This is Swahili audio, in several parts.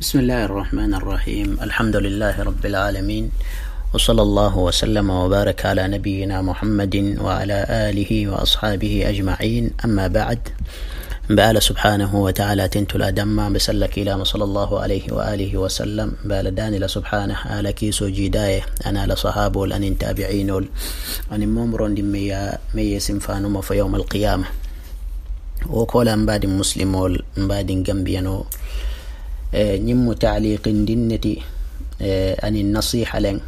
بسم الله الرحمن الرحيم الحمد لله رب العالمين وصلى الله وسلم وبارك على نبينا محمد وعلى آله وأصحابه أجمعين أما بعد بال سبحانه وتعالى لا دم بسلك إلى صلى الله عليه وآله وسلم بال داني سبحانه على كيسو جداية أنا لصحابه لأن تابعين أن ممر ميا ميا سنفانهم في يوم القيامة وكل أنباد مسلم أنباد جنبينو Eh, ñim mu taaliqin dinneti eh, ani nasiha len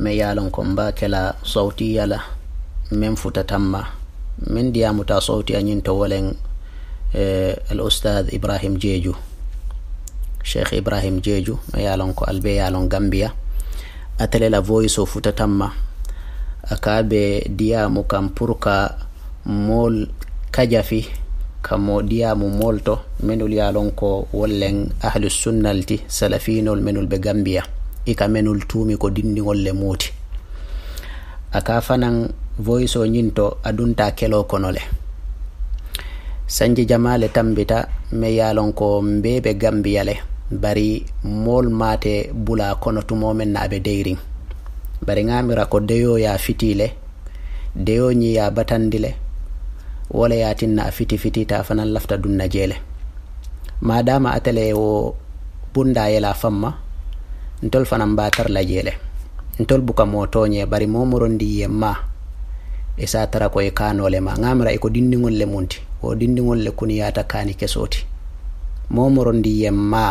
me yalon ko mba kela sawti yala min futa tamma min diyamuta sawti añin to wo wolen eh, al ustad ibrahim jeju cheikh ibrahim jeju me yalon ko albe yalon gambia atelela voice o futa tamma akaɓe diyamu kam pour ka mool kajafi kammo ɗiya mo molto menol yalon ko wollen ahlusunnalti salafinol menol ɓe gambiya ika menol tuumi ko dindigol le muuti aka fanan voice o ñinto adunta kelo konole sanji jamale tambita me yalon ko mbeɓe gambiya le bari mol mate bula kono tumomen naɓe deyrin bari gamira ko deyo ya fitile deyo ñiya batandile wola yatinna a fiti fiti ta fanan lafta dunna jeele madama atale wo bunda yela famma ntol fanan batar la jeele ntol buka mo toñe bari momorondi yem ma e sa tara koye kanole ma gamira iko dindigol le munti wo dindigol le kuni yata kani kesoti momorondi yem ma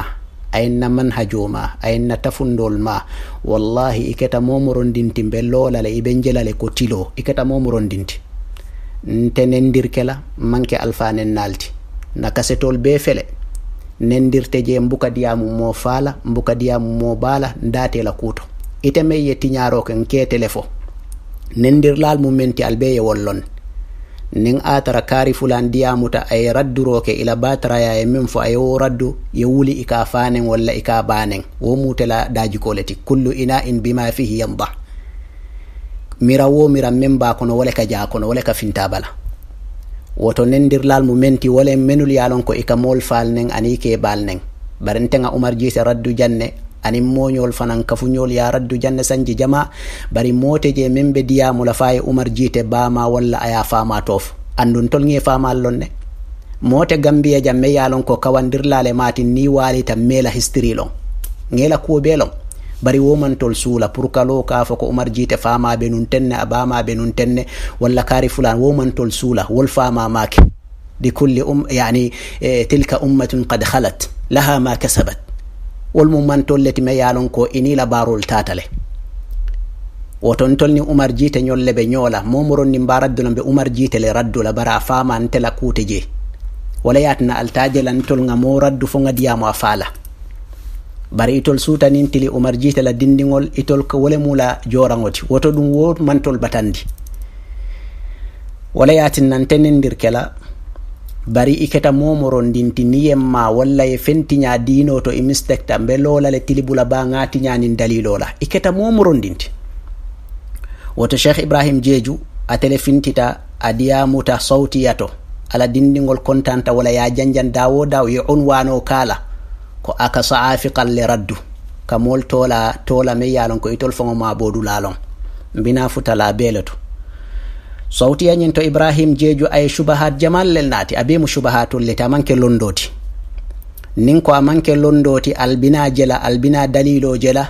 ayinna manhajo ma ayinna tafundol ma wallahi iketa momorondinti be lolale ibe jelale ko tilo iketa momorondinti te nendirke la manque alfane naalti na kasetol be fele nendirte je mbukadiyamu mo faala mbukadiyamu mo baala ndatela kuuto itemey ye tiñaroke n keetele fo nendirlaal mumen ti al be ye wollon nin aatara kaari fulan diyamuta aye radduroke ila baataraya ye min fo aye wo raddu ye wuli ika faanen walla ika baanen wo mutela daajikole ti kullu ina in bima fihi yanda mi rawomiran men mba kono wole ka jaakono wole ka fintabala woto nendirlal mu menti wole menul yalon ko ika mol fal nen ani ke bal nen barentenga umar jise raddu janne ani moñol fanan kafuñol ya raddu janne sanji jama bari mote je men be diyamu la faye umar jite bama walla aya fama tof andun tol ŋe famal lon ne mote gambiya jam me yalon ko kawandirlale matin ni walita mela histiri lon ŋela kuwo be lon bari tol suula pour kalo ka fo ko umar fama be nun tenne abama be nun tenne wala kari fulan tol suula wol fama di kulli um yani e, tilka ummatun qad khalat laha ma kasabat wol mum man tol me mayalon ko ini barul tatale woton tolni umar jite nyolle be nyola momoron ni mba raddula mbe umar jite le raddu la bara fama antela kute je wala yatina altaaje lantol nga mo raddu fo nga diyamo a bari itol sutanin tili umar jiita la dindigol itol ko wole mula joragoti woto ɗum wo mantol batandi wala yatin nan tenendir kela bari iketa keta momorondinti niyem ma walla ye fentiña dino to i mistekta mbe tili bula ba ŋatiñanin dalilola iketa keta momorondinti woto cheikh ibrahim jeju a atele fintita adiyamuta sawtiya to ala dindigol kontanta wala ya janjan dawo daw ye on wano kala ko aka saafi qalle raddu ka mool toola toola me yaalon ko itol e foŋo ma boodu laalon mbina futala beelatu sawtiyañin to ibrahim jeeju aye subahat jamallel naati abe mo subahatulle ta manke londoti nin ko a manke londoti albina jela albina dalilo jela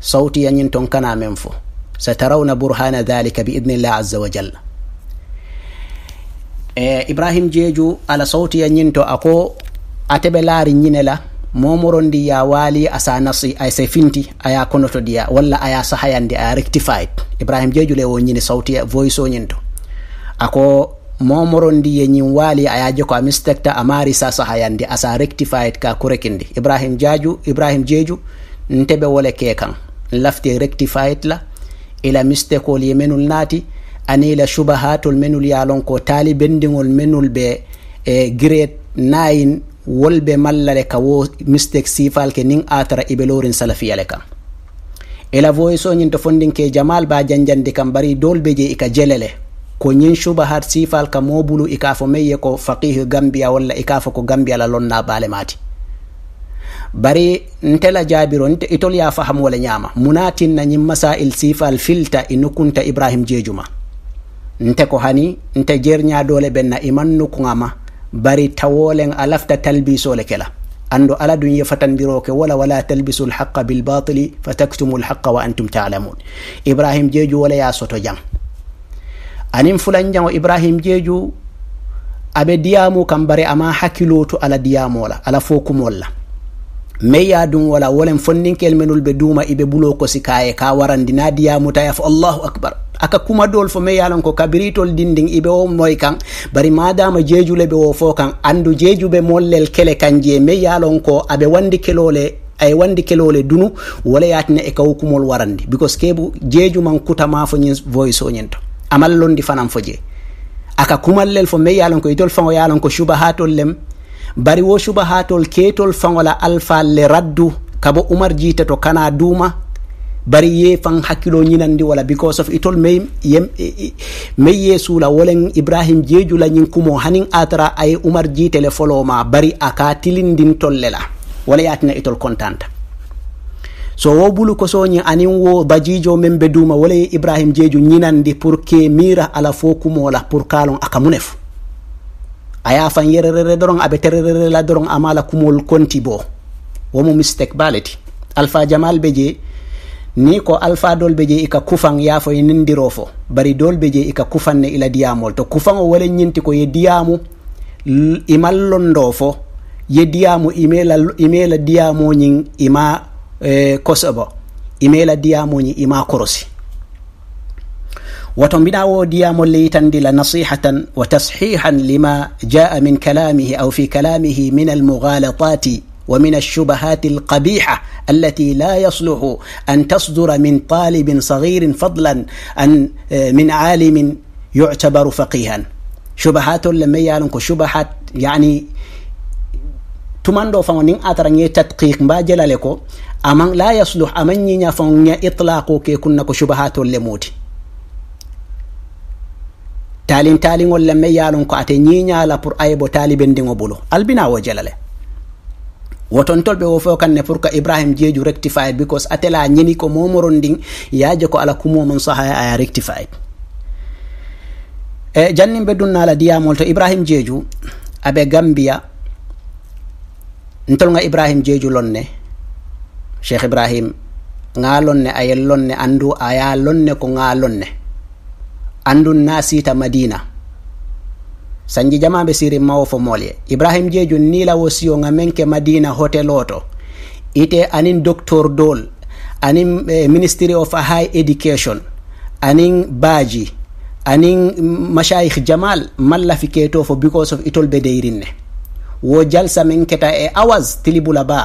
sawtiyañin ton kana men fo satarawna burhana dhalika bi idnillah aza wa jalla e ibrahim jeeju ala sawtiyañin to ako atebe laari ñine la momorondi ya waali asa nasi ay se finti aya diya walla aya sahayandi aya rectified ibrahim jeejule wo ñine sawti voice o ñinto ako ako momorondi ye ñin waali aya joko a mistecta a maari sa sahayandi asa rectified ka kurekindi ibrahim jaaju ibrahim jeeju ntebe wole ke kan lafti rectified la ila mistekol ye menul naati ani ila subahatol menul yalon ko taali menul be e grade 9 wolɓe malla le ka wo mistake sifal ke nin atara ibelorin salafiyale kan ela voiso ñin to fondinke jamal ba janjandi kan bari dol be je ika jelele ko ñin suba har sifal ka mobulu ika fo meyye ko faqih gambia walla ika fo ko gambia la lonna bale mati bari ntela jabiro nte itol ya faham wala ñama munatinna ñin masail sifal filta inukkunta ibrahim jeejuma nte ko hani nte jerñadole ɓenna iman nukugama bari tawolen a lafta talbisole kela ando ala dun yefatandiroke wala wala talbisu lhaqa bilbatili fataktumu lhaqa wa antum talamun ibrahim jeju wala ya soto jang anin fulan jango ibrahim jeju abe diyamu kam bari ama hakkilotu ala diyamola ala fokumol la meyya ɗum wala wolen fonninkel menol ɓe duuma iɓe ɓulo ko si kaye ka warandi nadiyamutaya fo allahu acbar aka kumadol fo meyyalon ko kabiritol dinding iɓe o moy kan bari madama jejule ɓe o fo kan andu jejuɓe mollel kele kanjee meyyalon ko aɓe wandi kelole ay wandi kelole dunu wala yatina e kawkumol warandi because keɓu jejuman kutama fo ñin voice o ñin to amallondi fanan fo je aka kumallel fo meyyalon ko itol fa o yalon ko subaha tol lem bari wo suba ha tol keetol fawola alfalle raddu kabo umar jiita to kana duuma bari ye fan hakkilo ñinandi walla because of itol mey yem e, e, mey ye suula wolen ibrahima jeejula ñin kumo hanin atara aye umar jiitele folooma bari a ka tilindin tolle la walla yatina itol contanta so wo bulu ko soñi anin wo bajiijo men be duuma wolla ye ibrahima jeeju ñinandi pour ke miira ala fo kumola pour kaalon aka munef aya fan yererere a aɓe tererere la doron amala kumol konti bo womo mistake baleti alpha jamal ɓe je ni ko alpha dol be je ika kufan yafoye nindiro fo bari dol be je ika kufanne ila diyamol to kufan o wala ñinti ko ye diyamu imallondo fo ye diyamu imela imela diyamoñin ima eh, kosobo imela diyamoñin ima korosi وتنبدا وديا مليتا تندل نصيحة وتصحيحا لما جاء من كلامه أو في كلامه من المغالطات ومن الشبهات القبيحة التي لا يصلح أن تصدر من طالب صغير فضلا أن آه، من عالم يعتبر فقيها شبهات لم يالنك شبهات يعني تمندو فونين اترني تدقيق ما جلالكو لا يصلح امن ني فون اطلاقو كي كنكو شبهات لموتي taalin taaliŋol lemme yaalum ko ate ñiiñaala pour ayebo taaliɓendiŋo bulo albina wo jelale wotontolɓe wo fof kanne pour que ibrahima jeeju rectified because atela ñini ko momoron ndin yaaje ko ala kumomon sahaya aya rectified e jannin ɓe dunnaala diyamol to ibrahima jeeju aɓe gambiya ntolga ibrahima jeeju lonne cheikh ibrahim ŋa lonne aye lonne anndu aya lonne ko ŋa lonne andun na sita madina sanji jamaɓe sirin mawo fo molye ibrahim jeju nila wo ga nga ke madina hoteloto ite anin doctor dol anin eh, ministry of high education anin baji anin mashayikh jamal mallafi keto fo because of itol be deyrinne wo jalsa men keta e hours tilibula ba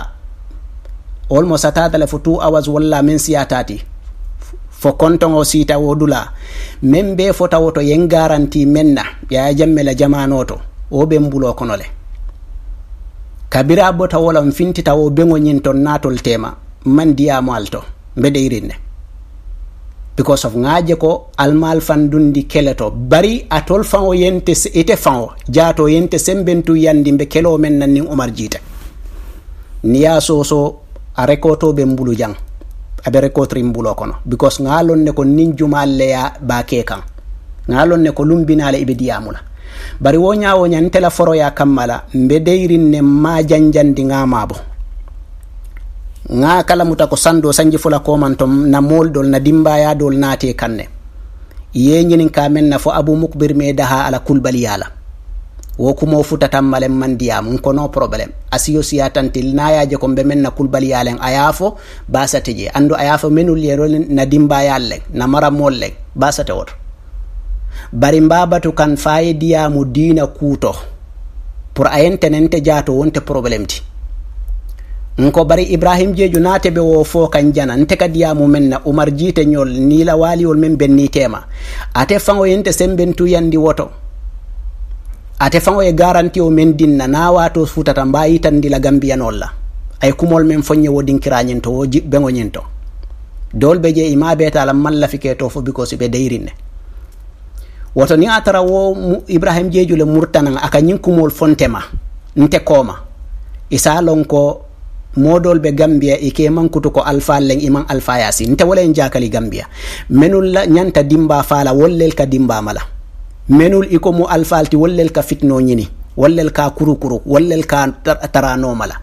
almost atatale fo 2 hours walla men siyatati fo kontoŋo sitawo dula min be fotawo to yen garanti men na yaya jammela jamano to o ɓe mbulo kono le kabira bo tawolam fintitawo beŋo ñin ton natol tema man diyamo al to mbeɗe irin ne because of ŋaje ko almal fandundi kele to bari a tol faŋo yente ite faŋo jato yente sembentu yandi mbe kelo men nan nin umar jiita niya soso a rekoto ɓe mbulu jang abere ko bulo kono because ngalon ne ko nin jumalle ya ke kan ngalon ne ko lumbinale ibe diyamula bari wo ñawo ñan tela foro ya kammala mbe deyrin ne ma janjandi ngamabo nga kala muta ko sando sanji fula tom na dol na dimbaya dol naate kanne yeñinin ka men na fo abu mukbir me daha ala kulbaliyala wokumo futa tammalen man ndiyam kono probléme asiyo siya tantil nayaje ko mbe men na kulbaliyalen aya fo basate je andu aya fo menul yerolen na dimbayal len na maramol len basate woto bari mbabatu kan faye diyamu diina kuto pour ayen tenente jaato wonte probléme ti nko bari ibrahim jeju naate be wo fo kan jana nte kadiyamu men na umar jiite ñol niila waliwol men bennitema ate fango yente sembentu yandi woto a tefao e garanti o men dinna na wato futata mbawi tan dila gambiyanolla ay kumol men foñe wodinkirañen to wo jiɓɓegoñen to dolɓe je ima betalam malla fike to fo biko siɓe deyrinne woto ni a tara wo ibrahim jejule murtanan aka ñin kumol fontema nte kooma isa lon ko modolɓe gambiya ike man kutu ko alpha leng iman alpha yasi nte wala en jakali gambiya menulla ñanta dimba fala wollel ka dimba mala menul iko mo alfalti wallel ka fitno ñini wallel ka kurukuru wallel ka taranomala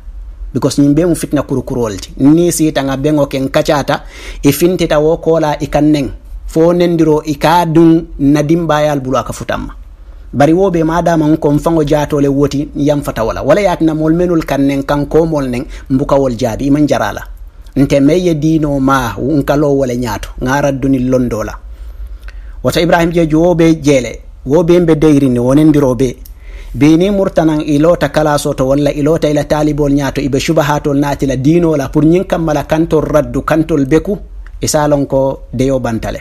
because ñin be mu fitna kurukurol ti ni sitanga bengo ken kachata e fintita wo kola i kan fo nendiro i ka dun nadimbayal bulu aka futanma bari wo be madama n kon faŋo jaatole woti yam fata wala wala yatna mol menul kanneng kan ko mol neng mbuka wol jaabi man jarala nte me ye diino ma nkalo wala nyato ngara duni londola wata ibrahim je jobe jele wo be ɓen ɓe deyrini wonendiroɓe beni murtanan ilota kala soto walla ilota ila talibol ñato iɓe subahatol natila dinola pour ñin kammala kantol raddu kantol beku e salon deyo bantale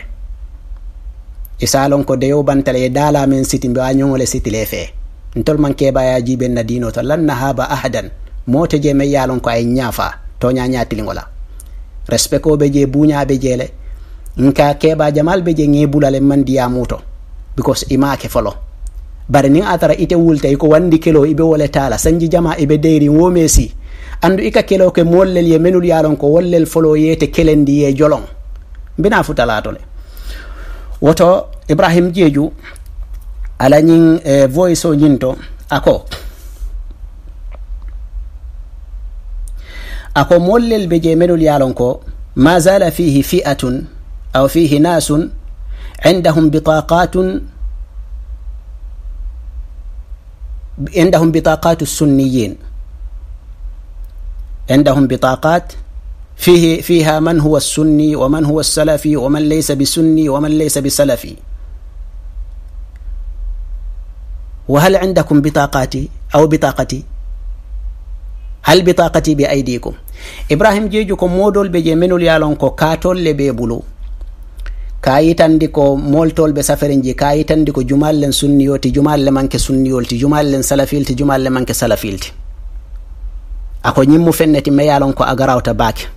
e deyo bantale e dalamen siti mbiwa ñogole sitile fee ntol man keɓayaji ɓen na dino to lan nahaba ahadan mote je men yalon ko ay ñaafa toña ñatiligola respect koɓe je buñaɓe jeele nka keɓa jamalɓe je ŋe bulale man ndiya muto because imaake folo bare nin atara ite wultay ko wandi kelo iɓe wole taala sañji jama iɓe deyri womesi andu ika kelo ke mollel ye menul yalon ko wollel folo yeete kelendi ye jolon mbina fu talatole woto ibrahim dieju alañin e eh, voice o ñinto ako ako mollel be je menul yalon ko ma zala fihi fiatun aw fihi nasun عندهم بطاقات عندهم بطاقات السنيين عندهم بطاقات فيه فيها من هو السني ومن هو السلفي ومن ليس بسني ومن ليس بسلفي وهل عندكم بطاقاتي أو بطاقتي هل بطاقتي بأيديكم إبراهيم جيجو مودول بجي منو ليالون كاتول لبيبولو ka yitandi ko moltolɓe safarinji ka yitandi ko jumallen sunniyol ti jumalle manke sunniyol ti jumalle salafil ti jumalle manke salafil ako ñimmu fenne ti meyalon ko agarawta baake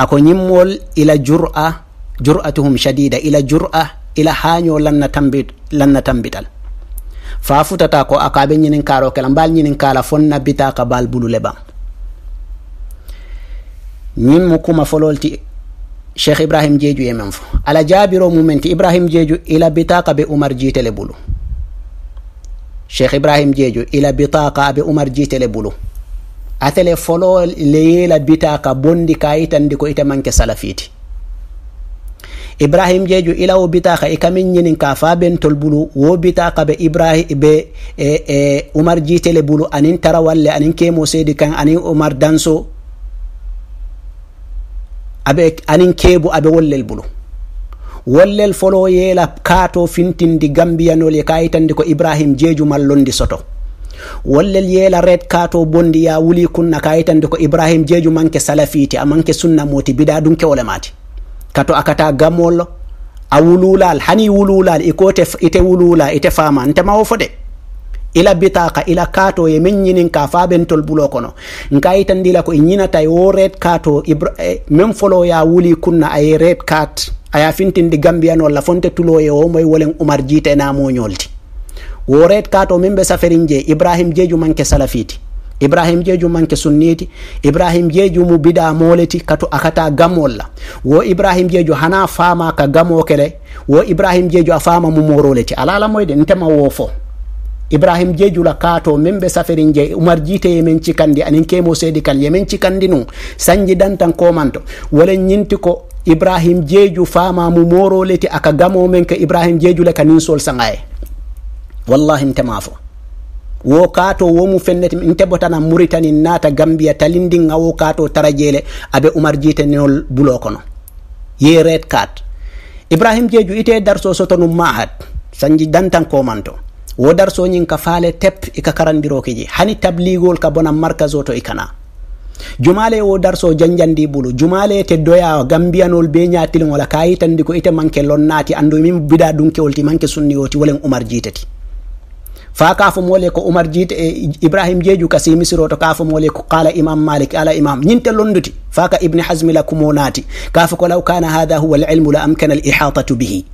ako ñimmol ila jur'a jur'atuhum shadida ila jur'a ila haño lanna tambit lanna tambital fa futata ko akaɓe ñinin karo kela mbal ñinin kala fonna bita ka bal bulule ɓan ñin kuma folol ti cheikh ibrahim jeeju ye men fo ala jaabiro mumen ti ibrahim jeeju ila bitaka be umar jiitele bulu cheikh ibrahim jeeju ila bitaka be umar jiitele bulu atele folo leyela bitaka bondi ka itandi ko ite manke salafiti ibrahim jeju ila wo bitaka i kamin ñinin ka fa ben tol bulu wo bitaka be ibrahim be e, e, umar jiitele bulu anin tarawalle anin kemo seedi kan anin umar danso abe anin kebu abe wollel bulu wollel folo yeela kaato fintindi gambiyanol e kayitandi ko ibrahim jeeju mallondi soto wollel yeela red kaato bondi ya wuli kunna kayitandi ko ibrahim jeeju manke salafiti amanke sunna moti bida ɗum kewole mati kato akata gamol a wululal hani wululal ikote ite wulula ite fama ntema wo fode ila bitaka ila kato ye men ñinin ka fa bentol bulo kono nka itandila ko ñinata wo red kato eh, même folo ya wuli kunna ay red kat aya fintindi gambiyan la fonte ye wo moy wolen umar jiite namoñolti wo red kato min be safarin je ibrahim jeju manke salafiti ibrahim jeju manke sunniti ibrahim jeju mu bida moleti kato akata gamolla wo ibrahim jeju hana fama ka gamo wo ibrahim jeju a fama mu moroleti alala moyde ntema wo fo ibrahim jejula kato min be safirin je umar jite yemen cikandi anin kemo sedi kan yemen cikandi nun sanji dantan komanto wala ñinti ko ibrahim jeju fama mu moroleti aka gamo men ka ibrahim jeju le kanin sol sangaye wallahi ntema fo wo kato wo mu fenneti nte botana muritani nata gambia talindi nga kato tarajele abe umar jite nenol bulo kono ye red card ibrahim jeju ite darso sotonum mahad sanji dantan komanto wo darsoñin ka faale tep ika karandiro je hani tabligol ka bona markas o i ikana jumale wo darso janjandi bulu jumale te doya gambiyanol be ñatilgola ka yitandi ko ite manke lonnati andu min bida dunkewol ti manke sunniyoti wolen umar jiitati fa kafo mole ko umar jite e ibrahim jeju kasi misiro to kafo mole ko qala imam malik ala imam ñinte londuti fa ka ibni hazm la kumo naati kafo ko law kana hadha huwa alilmu la amkana alihatatu bihi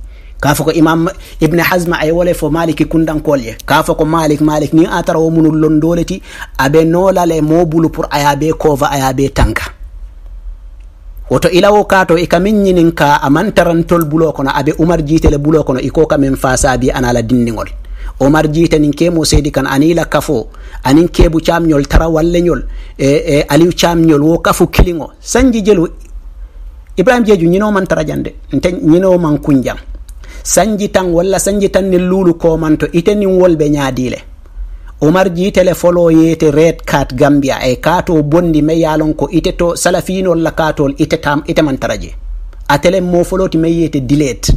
ka fo ko imam ibne hasma ay wole fo maliki kundankol ye ka fo ko malik malik ni a tara wo munul londoleti aɓe nolale mobulu pour ayabe kova ayabe be tanka woto ilawo kato ika min ñinin ka aman tarantol bulo kono aɓe umar jiitele bulo kono iko kamin fasabi anala dindigol omar jiite nin kemo seydi kan anila kafo anin kebu camñol tara walleñol e, e aliw camñol wo kafu kiliŋo sanji jelu ibrahim jeju ñinoman tarajande nte ñinoman kunjang sanji tan walla sanji tan ni luulu komanto ite nin wolɓe ñaadile umar jiitele folo yeete red cat gambia e kaato bondi ma yalon ko ite to salafinol la kaatol ite tam ite man taraje atelen mo foloti me yeete dilet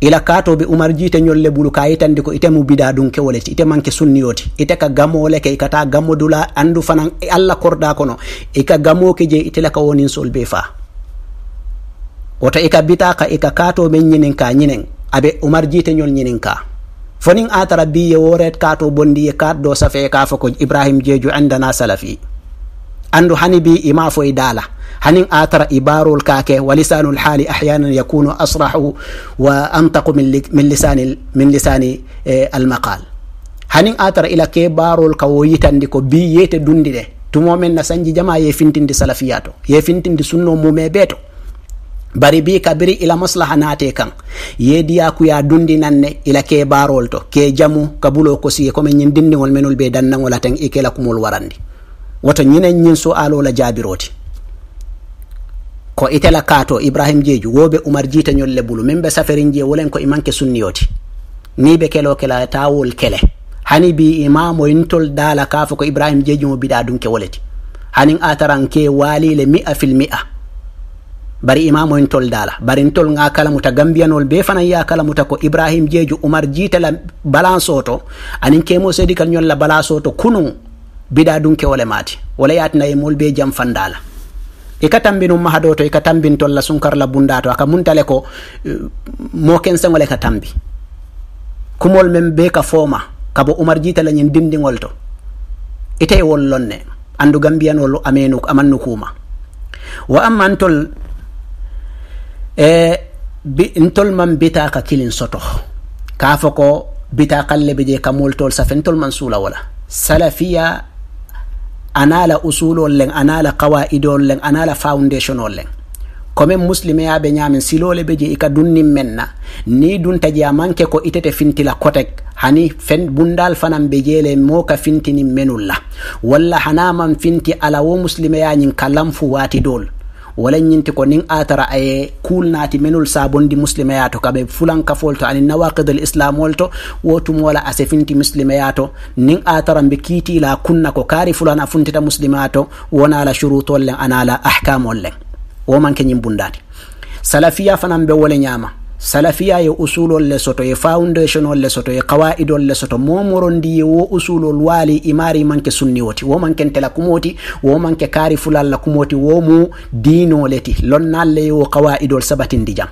ila katoɓe umar jiite ñolle ɓulu ka yitande ko itemu bida ɗum kewoleti ite manke sunniyoti ite ka gamole ke ikata gammo andu fanan e allah korda kono ika gamoke je itela ka wonin sol be fa woto ika bitaka ika kato men ñinin ka ñinin abe umar jiite ñol ñinin ka fonin atara ye woret kato bondi ye kat do safe ka fo ko ibrahim jeju andana salafi andu hani bi ima fo idala hanin atara ibarul kake wa lisanul hali ahyanan yakunu asrahu wa antaqu min, lisani min lisani eh, al maqal hanin atara ila ke barol kawo yitandi ko bi yete dundi de tumomen na sanji jama ye fintindi salafiyato ye fintindi sunno mume beto bari bi kabiri ila maslaha naate kan yeediya kuya dundinanne ila ke barol to ke jamu kabulo ko sige komin ñin dindiŋol menol be dannaŋol ateŋ i kela kumol warandi woto ñinen ñin so alola jaabiroti ko itela kaato ibrahim jeju woɓe umar jiitañol le bulu min be safarin je wolen ko imanke sunniyoti ni be kelo kela tawol kele hani bi imamointol dala kaafo ko ibrahim jeju mo biɗa dunke woleti hanin ataran ke waalile mi'a fil mi'a bari imamoyntol dala barintol ga kalamuta gambiyanol be fanan ya kala muta ko ibrahim jeju umar jita la balance o to anin kemo sedi kal ñol la balance o to kunun bida dunke wole maati wala yatina e mol be jam fandala ika tambinum maha ɗo to ika tambintol la sunkar la bunda to aka muntale ko eh, mo kenseŋole ka tambi kumol men be ka fooma bo umar jita la ñin dindiŋol to ite wol wollon ne andu gambiyanol amenu amannu kuma wa amma e ntol man bita ka kilin soto k'a fɔ ko bita kalle be je ka mool tol safe ntol man sula wala salafiya anala la usulol len ana la qawaidol len ana foundation foundationol len komin muslimeya be ñamin silole be je i ka men na ni dunta je a ko itete fintila kotek hani fen bundal fanan be jele mo ka fintinin menul walla hanaman finti ala wo muslimeya ñin ka lanfu waati dol wala ñinti ko nin atara aye nati menul sabondi muslimeyato fulan fulankafol to nawaqid al islam to wotum wala asefinti muslimeyato nin atara kiti kiitila kunna ko kari fulan a funtita wona la shurutol len anala ahkamol len womanke ñin bundati salafiya fanan be wole ñama salafiya ye usulol le soto ye foundationol le soto ye kawaidol le soto momorondi ye wo usulol waali imari manke sunniwoti wo manke ntela kumoti wo manke kaari fulalla kumoti wo mu diinoleti lonnal le ye kawaidol sabatindi jam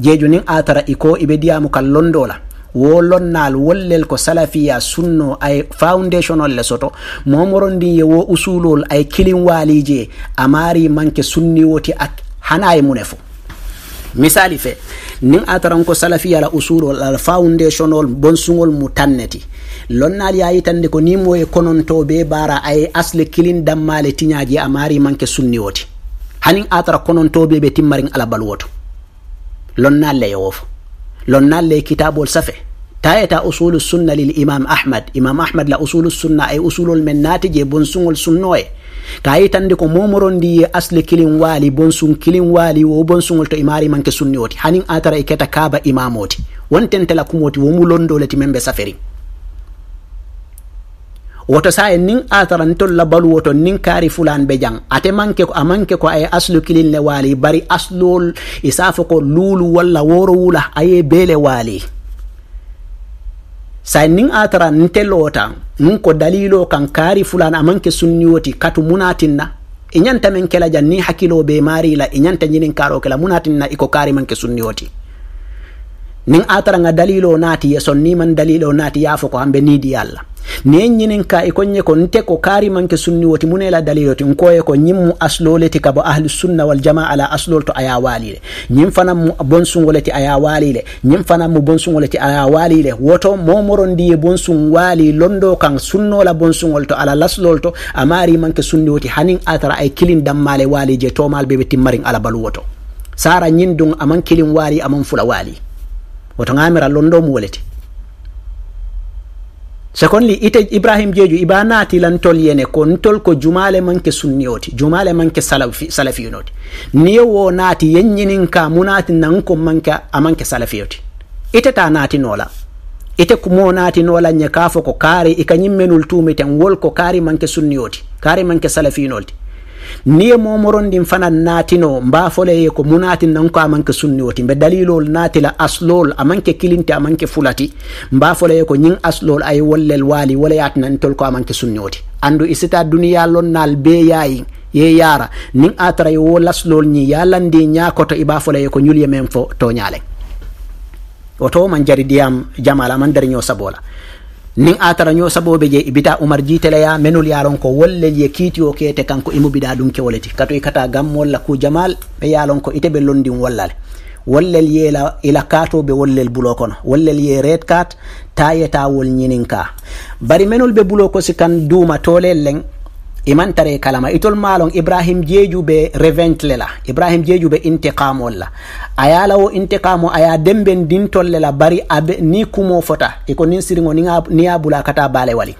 jeju nin atara iko ibe diyamu kal londola wo lonnal wollel ko salafiya sunno ay foundationol le soto momorondin ye wo usulol ay kilin waalije amari manke sunniwoti ak hana e mune fo misali fe nin ataranko taran ko usulol ala foundationol bonsugol mu tanneti lonnaali ya yitande ko ni moye kononto be bara aye asle kilin dammale tiñaji a maari manke sunni woti hanin a tara konontoɓe ɓe timmarin alabalwoto lonnaal le yowofo lonnaal le kitabol safe tayata usulu sunna lil imam ahmad imam ahmad la usulu sunna ay usulol men naati je bonsugol sunnoye ka yitande ko momorondi ye asle kilin waali bonsun kilin waali wo bonsugol to imari manke sunni oti hanin atara e keta kaba imamoti wontentela woto saye nin atara ntol la baluwo nin kaari fulan be jang ate manke ko a ko aye aslu kilin le waali bari aslol isafo ko luulu walla woro wula aye bele wali sai niŋ atara nin nte nun ko dalilo kan kaari fulana amanke ke sunniwoti katu munatinna na i ñanta meŋ kela jan niŋ hakkiloo be maari la i ñanta ñiniŋ kaaroo ke la munatin na i ko kaari maŋ ke sunniwoti niŋ a ŋa dalilo naati ye ni maŋ dalilo naati ye a fo ko hambe niidiyaal yalla nen ñinin ka i e konye ko nte ko kaari manke sunni woti mune la dalilo ti nkoye ko ñin mu aslole ti kabo ahlu sunna wal ala aslol to aya walile ñin fana mu bon sungole ti aya walile ñin fana mu bon sungole ti aya walile woto momorondi ye bon sun londo kan sunnola bon sungol to ala laslol to amari manke sunni woti hanin atara ay kilin dammale wali je tomal bebe timmarin ala balu woto sara ñin dun aman kilin wali aman fula wali woto ngamira londo mu wolete secondly ite ibrahim jeju iba naati lan tol yene ko ntol ko jumale manke sunniyoti jumale manke salafi salafiyonoti niyo wo naati yennyinin ka munati nan ko manke amanke salafiyoti ite ta naati nola ite kumo naati nola kaa fo ko kaari ika nyimmenul tuumiten wol ko kaari manke sunniyoti kaari manke salafiyonolti niŋ ye momorondin fana natino mba le ye ko mu munatin nan ko ke sunni woti mbe dalilol natila aslol ke kilinti ke fulati mba le ye ko nyin aslol ay wollel wali wala yatnan tol ko ke sunni woti andu isita duniya lonnal bee yaayi ye yara nin atara ye wo laslol ñi ya landi ñakoto fo la ye ko ye men fo toñale woto man jari diyam jamala man dari ño sabola nin atara ño saboɓe je ibita oumar jiiteleya menul yaron ko wollel ye kiitiyo kete kanko imubiɗa ɗum kewole kato i kata gam walla ku jamal ɓe yalon ko iteɓe londin wallale wollel ye ila katoɓe wollel bulo kono wollel ye red kat ta yetawol ñinin ka bari menol ɓe bulo kosi kan duuma tolel leng imantare kalama itol maalon ibrahim jeejuɓe revent lela ibrahim jeejuɓe intiqamol la a yalawo intiqamo aya demben dintol lela bari abe ni kumo fota eko nin sirigo niya bula kata bale wali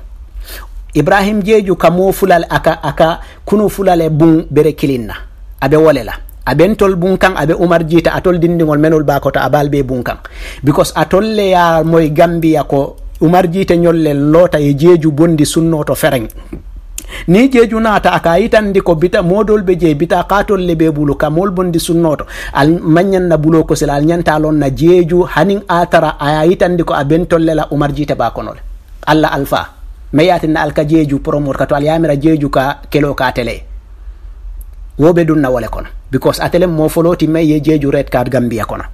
ibrahim jeeju ka mo fulal aka aka kunu fulale bun bere kilinna abe wolela aɓen tol bun kan aɓe umar jiita atol dindigol menol bakoto a balɓe bun kan because atol leya moye gambiya ko umar jiite ñolle loota e jeeju bondi sunno to fereng ni jeju naata aka yitandi ko bita be je bita katolle ɓe ɓulo kamol bondi sunnoto al na bulo ko kosel al lon na jeju hanin atara aya yitandi ko a bentollela oumar jita bakonole allah alfa ma yatinna alka jeeju promote ka to al yamira jeju ka kelo ka tele wo be dun na nawole kono because atelen mo foloti may ye jeju red card gambia kono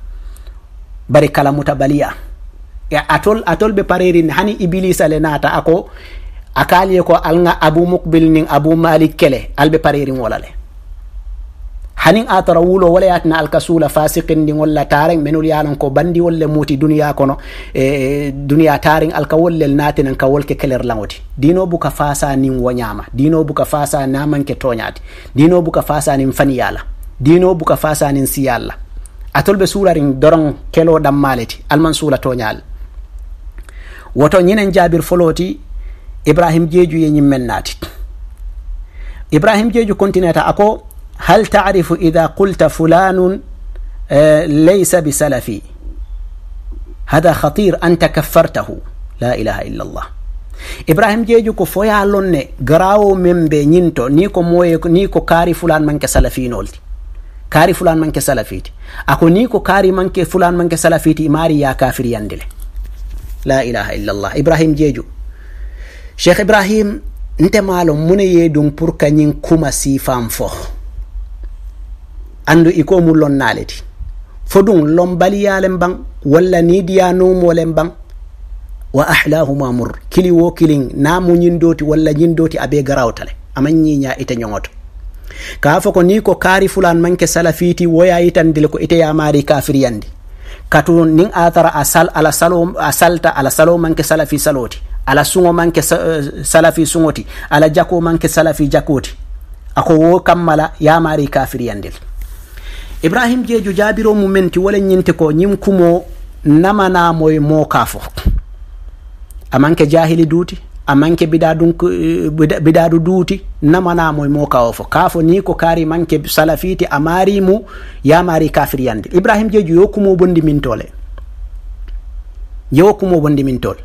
bari kala mutabaliya e atol atol be parerin hani ibilisa le naata ako akaliye ko alga abu mukbil nin abu malik kele alɓe pareriŋola le hanin a tara wulo wala yatina alkasula fasikin ɗin walla taren menol yalon ko bandi le muuti duniya kono e duniya taren alkawollel natinan ka wol ke keler ti dino buka fasa nin woñama dino buka fasa namanke toñati dino buka fasa nin faniyala dino buka fasa nin siyalla atol ɓe surarin doron kelo ɗammaleti alman sula toñal woto ñinen jabir foloti ابراهيم جيجو ye ñimmen naati ibrahim jeeju contineta ako hal tarifu ida qulta fulanun ليس بسلفي هذا خطير أنت كفرته لا إله إلا الله إبراهيم جيجو كو فويا لوني غراو من بينينتو نيكو موي نيكو كاري فلان منك سلفي نولتي كاري فلان منك كسلفيتي أكو نيكو كاري منك فلان منك كسلفيتي ماري يا كافر يندلي لا إله إلا الله إبراهيم جيجو cheikh ibrahim nte mu mune ye ɗum pour kañin kuma sifan fo andu iko mu lonnaaleti fo ɗum lombaliyalen ban walla ni diyanumolen ban wa ahlahuma mur kili wo kilin namu ñindoti walla ñindoti abe garawtale ama ñiña ite ñogoto kaa fo ko ni ko kaari fulan manke salafiti woya yitandile ko ite yamari kafiriyandi katu nin a tara asal ala salo asalta ala salo manke salafi saloti ala suŋo manke eh, salafi sungoti ala jako manke salafi jakoti ako wo kammala kafir kafiriyandel ibrahim jeju jabiro mu menti wala nyinte ko nyim kumo moy mo kafo amanke jahili duuti a manke bidadu bidaɗu duuti namanamo e mo ka fo kafo ni ko kaari manke salafiti a mu mo ya maari kafiriyandi ibrahim jeju yo kumo bondi mintole yo kumo bondi mintole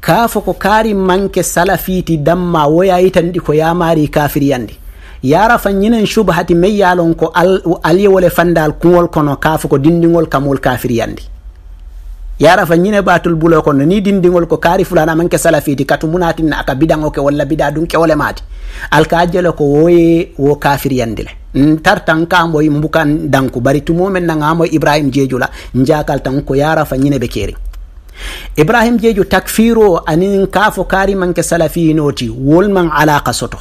kafo ko kari manke salafiti damma woya yitanɗi ko ya maari kafiriyandi yara fa ñinen shubhati meyyalon ko alyewole fandal kuwol kono kafo ko dindigol kamol kafiriyandi yarafa ñine batul bulo kono ni dindigol ko kaari fulana manke salafiti katu munatinna aka bidaŋo ke walla bida ɗum kewole maati alka jele ko woye wo kafiriyandi le mm, tartan kamboy mbukan danku bari tumomen nagamo ibrahim jeju la jakal tan ko yarafa ñine ɓe keeri ibrahim jeju takfiro anin kafo kaari manke salafinoti wolman alaka soto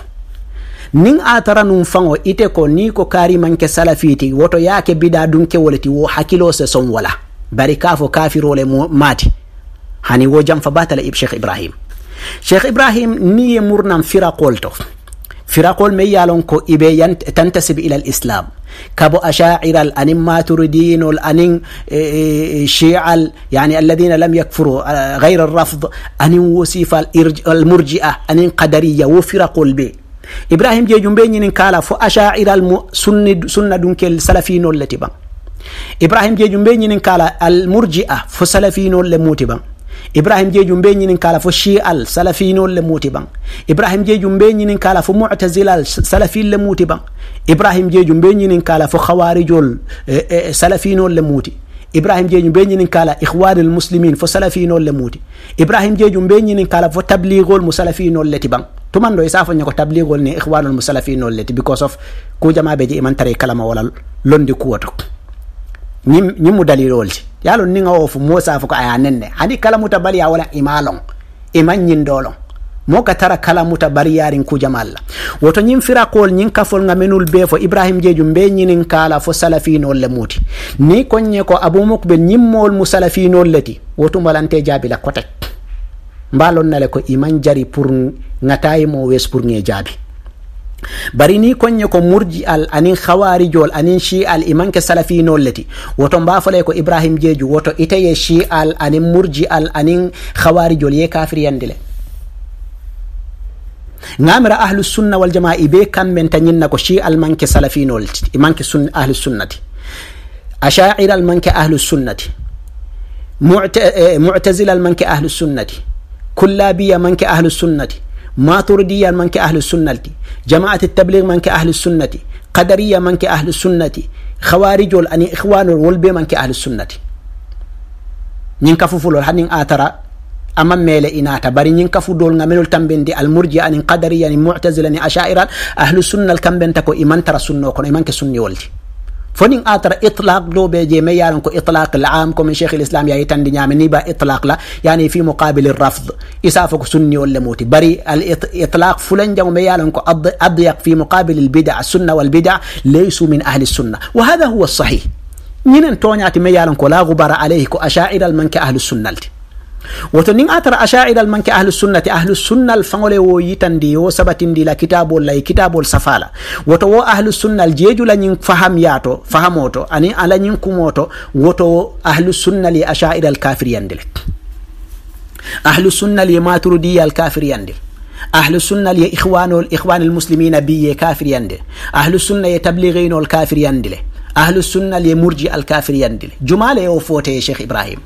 nin a tara num ite ko ni ko kaari manke salafiti woto yaake bida ɗum kewoleti wo hakkilo se son wala bari kaafo kaafirole maati hani wo فباتل fa batala ابراهيم ibrahim ابراهيم ibrahim niye murnan firaqol to firaqol me yalon ko ibe tantasib ila islam كابو أشاعر الأنما ما تردين الأنم يعني الذين لم يكفروا غير الرفض أنين وصف المرجئة أنين قدرية وفر قلبي إبراهيم جي جنبين كالا أشاعر السنة دونك السلفين التي بان ibrahim jeejum mbe ñinin kala al murji'a fo salafinol le muuti ban ibrahim jeejum mbe ñinin kala fo chi'al salafinol le muuti ban ibrahim jeejum mbe ñinin kala fo mutazilal salafin le muuti ban ibrahim jeejum mbe ñinin kala fo hawarijol eh, eh, salafinol le muuti ibrahim jeejum mbe ñinin kala ihwanul muslimin fo salafinol le muuti ibrahim jeejum mbe ñinin kala fo tabligol mo salafinol leti ban tumando isa e fo ñako tabligol ni ihwanul musalafinol leti because of ku kujamaɓe je imantare kalama walal londi kuwoto ñim mu dalilol ti yalo ninga wo fu moo fu ko aya nenne andi kala muta bari ya wala imalon iman nyin dolon moo ka tara kalamuta muta bari yarin ku jamalla woto ñin fira kol ñin kafol ngamenul bee fo ibrahima jeejum be ñinin kaala fo salafinol le muti ni konye ko abu mukbil ñimmol mu salafinol leti wotu malante jabila kotek mbalon nale ko iman jari pour ngatayi mo wes pour nge jaabi bari ni konye ko murji al anin khawari khawarijol anin shi al imanke salafi nolleti woto mbafole ko ibrahim jeju woto iteye shi al anin murji al anin khawarijol ye kafir yandile ngamira ahlu sunna wal jama'i be kammen tanyinna ko shi al manke salafi nolleti imanke sun ahlu sunnati ashaira al manke ahlu sunnati mu'tazila al manke ahlu sunnati kullabiya manke ahlu sunnati ما ترديا من كأهل السنة جماعة التبليغ من كأهل السنة قدرية من كأهل السنة خوارج أني يعني إخوان الولب من كأهل السنة نينكفو فلول هنين آترا أما ميل إناتا بري نينكفو دول نميل تنبين دي المرجع أن قدريا أن معتزل أن أهل السنة الكمبين تكو إيمان ترى سنة وكون إيمان كسنة ولدي فنين اتر اطلاق لو بيجي مي يعني اطلاق العام كو شيخ الاسلام يا يتن دي نيامي نيبا اطلاق لا يعني في مقابل الرفض اسافك سني ولا موتي بري الاطلاق فلان جام مي يعني اضيق في مقابل البدع السنه والبدع ليس من اهل السنه وهذا هو الصحيح من توني اتي مي يعني كو لا غبار عليه كو اشاعر المنك اهل السنه لتي. woto nin atara ashairal manke ahlusunnati ahlusunnal fangole wo yitandi wo sabatindi la kitabol la kitabol safala woto wo ahlusunnal jeejula ñin faham yato fahamoto ani ala ñin kumo ahlu sunnal ahlusunnal ye ashairal kafiriyandi le ahlusunnal ye maturudiyal kafiriyandi le ahlu sunna ye ikhwanol ikhwanil muslimina bi ye kafir yande ahlu sunna ye tablighinol kafir yandile ahlu sunna ye murji al kafir yandile jumale o fote ye cheikh ibrahim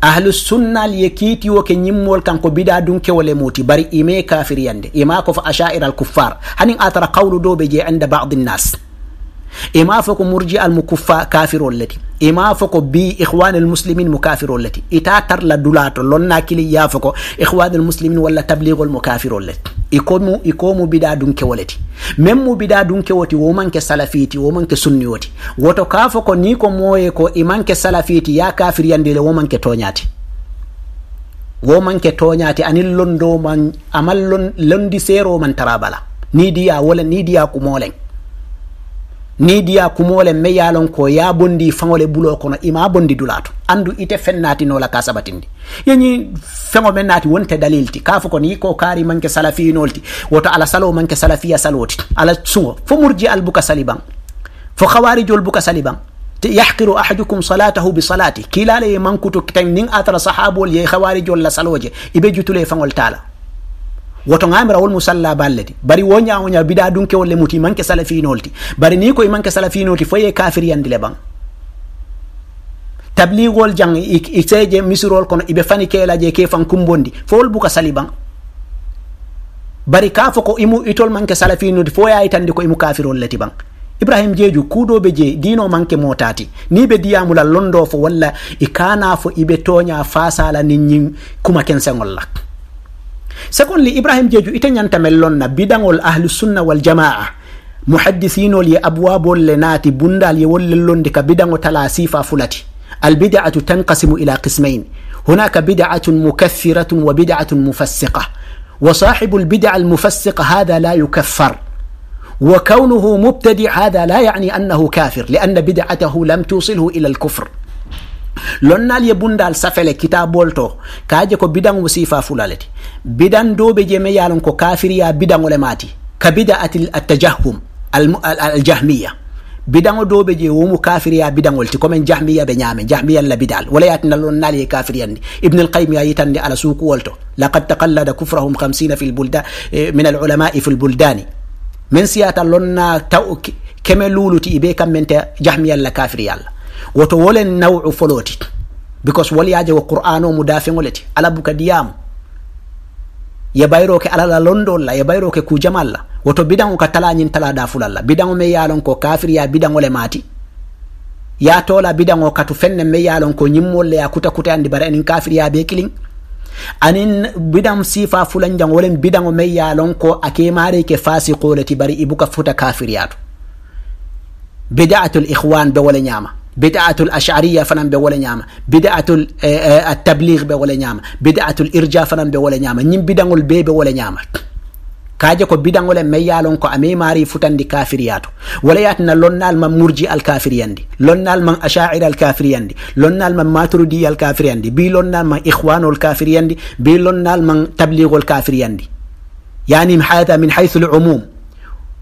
ahlusunna aliyekitiwo ke ñimmol kanko bida dun kewole muti bari ime kafiriyande ima ko fa asha'ira al kuffar hanin atara qawlu doɓe je anda badi nnas ima fo ko murji al mukuffa kafirolleti ima fo ko bi ihwan al muslimin mo kafirolleti ita tarla dulato lonna kili ya fo ko ihwan al muslimin walla tabligol mo kafirolleti ikomu ikomu bida dun kewoleti mem mu bida dun kewoti wo manke salafiti wo manke sunniwoti woto ka fo ko ni ko moye ko imanke salafiti ya kafir yandele wo manke toñati wo manke toñati anin londo man amal londi sero man tarabala ni diya wala ni diya kumoleng ni diya kumole me ye ko ya bondi fangole bulo kono ima bondi dulato andu ite fen naatinola ka sabatindi yeñi feŋo men naati wonte dalil ti ka fo ko ni ko kaari manke salafinol ti woto ala salo manke salafiya salo ti ala suŋo fo murji al buka sali baŋ fo hawarijol buka sali baŋ yahkiru ahadukum salatahu bi salati kilala ye mankuto kitaŋ niŋ atara sahabol ye hawarijol la saloje je ibe jutule faŋol taala woto gamira wol musalla balleti bari wo ñawoña bida dunke wolle muti manke salafinolti bari ni koye manke salafinolti foye kafiriyandi le ɓan tabligol jang seje misirol kono iɓe fani keelaje ke fan kumbondi fo wol buka sali ɓan bari ka fo ko imu itol manke salafinolti fo itandi ko imu kafirol leti ɓan ibrahim jeju kudo be je dino manke motati ni ɓe diyamula londo fo walla i kana fo iɓe toña fasala nin ñin kuma kensegol lak سكون لي إبراهيم جيجو إتن ينتمل لنا بدن الأهل السنة والجماعة محدثين لي أبواب لناتي بندا لي وللون دي كبدن تلاسيفة فلتي البدعة تنقسم إلى قسمين هناك بدعة مكثرة وبدعة مفسقة وصاحب البدع المفسقة هذا لا يكفر وكونه مبتدع هذا لا يعني أنه كافر لأن بدعته لم توصله إلى الكفر lonnal ye bundal safele kitabol to kaje ko bidango sifa fulalati bidan dobe je me yalon ko kafiriya bidangole mati ka bida al, attajahum aljahmiya bidango dobe je womu kafiriya bidangol ti komen jahmiya be ñaame jahmiya la bidal wala yatina lonnal ye kafiriyandi al qayyim ya yitande ala suukuwol to laqad taqallada kufrahum 50 fi bulda eh, min alulamai fi lbuldani min siyata lonna taw keme luluti ibe jahmiya la kafiriyalla woto wole nawu foloti because woliyaje wo qur'an o mu dafeŋoleti ala buka diyamu ye bayro ke alala londol la ye bayro ke kujamal la woto bidaŋo ka tala ñiŋ tala dafulal la bidaŋo me ye lon ko kafiriya bidaŋo le maati ya tola bidaŋo katu fenne me ye ko ñimmol le ya kuta kutayandi bari aniŋ kafiriya be kiliŋ anin bidaŋ sifa fulanjaŋo wolen bidaŋo me ye ko a kemari ke fasiko bari i buka futa kafiriya to bidaatul ihwan be wole ñama بدعة الأشعرية فنان بولا نعمة بدعة التبليغ بولا نعمة بدعة الإرجاء فنان بولا نعمة نيم بدعة البي بولا نعمة kaje ko bidangolen mai yalon ko ame mari futandi kafiriyato wala yatina lonnal man murji al kafiriyandi lonnal man asha'ira al kafiriyandi lonnal man maturidi al kafiriyandi bi lonnal man ikhwanu al kafiriyandi bi lonnal man tablighu al kafiriyandi yani hada min haythu al umum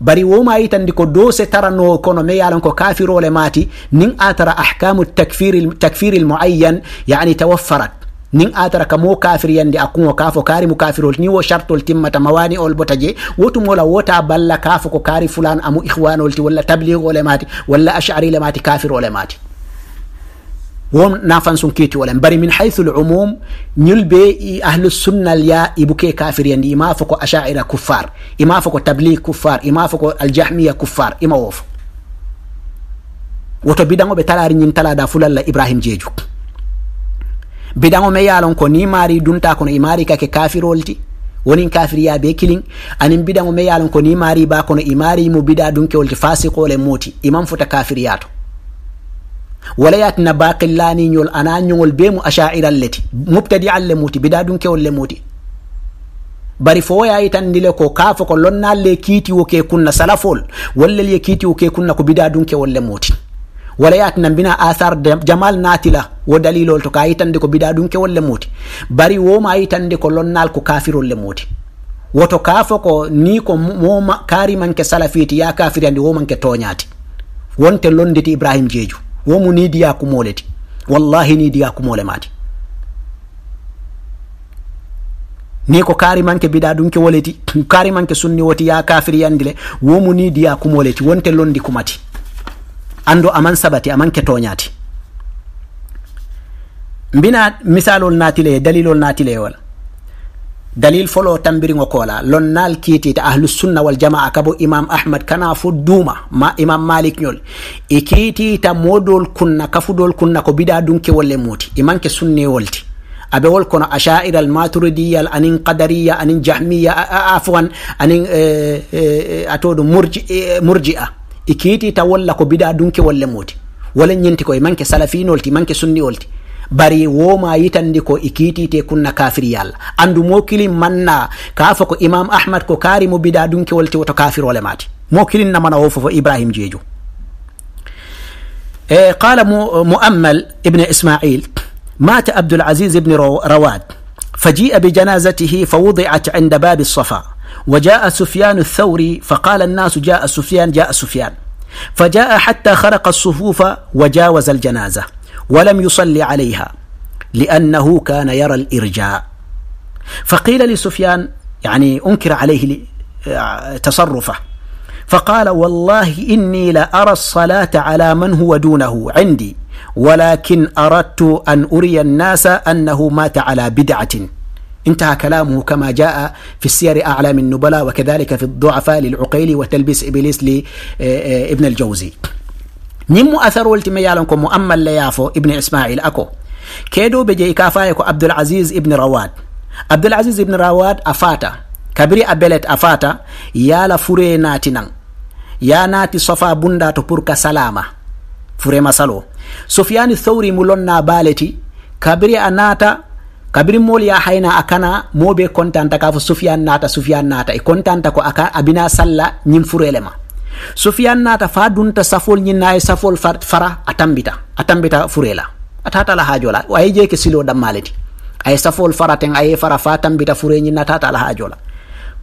bari womayi tandi ko dose tarano kono me yalan ko kafirole mati nin atara ahkamu takfiri lmuayyan yani tawaffarat nin atara kamo kafir yande akkumo kafo kaari mu kafirol ni wo chartol timmata mawani ol bota je wotumola wota balla kafo ko kaari fulan amu ihwanol ti walla tablighole mati walla ashari le mati kafirole mati wom nafan sun keti wala bari min haythu al-umum ñul be i ahlu sunna ya ibuke kafir yandi ima fako asha'ira kuffar ima fako tabligh kuffar ima fako al-jahmiya kuffar ima wof woto bidango be talari ñin talada fulalla ibrahim jeju bidango me yalon ko ni mari dunta kono i mari kake kafirolti wonin kafiriya be kilin anin bidango me yalon ko ni mari ba kono i mari mu bida dunkewolti fasikole moti imam futa kafiriyato walayatina baqillaniñol ana ñogol be mo achaira leti mubtadial le muti bidadun le muti bari foyayi tan ndile ko kaafo ko lonnalle kiitiwo ke kunna salafol wallel ye kiitiwo ke kunna ko bidadun le muti wala yatinan bina athar jamal natila wo dalilol to ka yitande ko biɗa le muti bari woma yitande ko lonnal ko kafirol le muti woto kaafo ko ni ko moma karimanke salafiti ya kafiri andi womanke toñati wonte londiti ibrahim jeeju womu ni diya kumooleti wallahi ni diya maati ni ko karimanke bida ɗum ke woleti karimanke sunni woti ya kafiri le womu ni diya kumoleti wonte londi kumati ando aman sabati aman ke toñati mbina misalol natile e dalilol natile e wala dalil folo tambiriŋo kola lonnal kiitiita ahlussunna waljamaa kabo imam ahmad kana fo duuma ma imam malik ñol i kiitita modol kunna kafudol kunna ko bida dunke wolle muuti imanke sunnewolti aɓe wol kono asha'iral al anin qadariya anin jahmiya afwan anin atoɗo murji'a i kiitita wolla ko bida dunke wolle muuti wala ñinti koye manke salafinolti manke sunniolti bari wo ma yitande ko ikiti te kunna kafir yalla andu mo kili manna ka ko imam ahmad ko kaari mo bida wolti woto kafir wala mati mo kili na mana o fo ibrahim jeju e qala muammal ibn ismail مات عبد aziz ibn rawad فجيء بجنازته فوضعت عند باب الصفا وجاء سفيان الثوري فقال الناس جاء سفيان جاء سفيان فجاء حتى خرق الصفوف وجاوز الجنازه ولم يصلي عليها لأنه كان يرى الإرجاء فقيل لسفيان يعني أنكر عليه آه، تصرفه فقال والله إني لأرى الصلاة على من هو دونه عندي ولكن أردت أن أري الناس أنه مات على بدعة انتهى كلامه كما جاء في السير أعلام النبلاء وكذلك في الضعفاء للعقيلي وتلبيس إبليس لابن آه، آه، الجوزي ñimmo atharol time yalon ko mo ammalla yaafo ibne ismail ako keeɗoɓe je ka faye ko abdoul asis ibne rawad abdoul asis ibne rawad a fata kabiri a belet a fata yala fure naati nan ya naati sofa bunda to pour salama furema salo sofiyani thawri mu lonna baaleti kabiri a naata kabiri moolu ya hayna a kana moo be contanta ka fo sufiyan naata sufiyan naata e contanta ko aka abina salla ñin furele ma sofyan naata fa dunta safol ñinna e safol fara a tambita a tambita la atatala haajola aye jeeke silo ɗammaleti ay safol fara ten ay fara fa tambita fure ñinna tatala haajola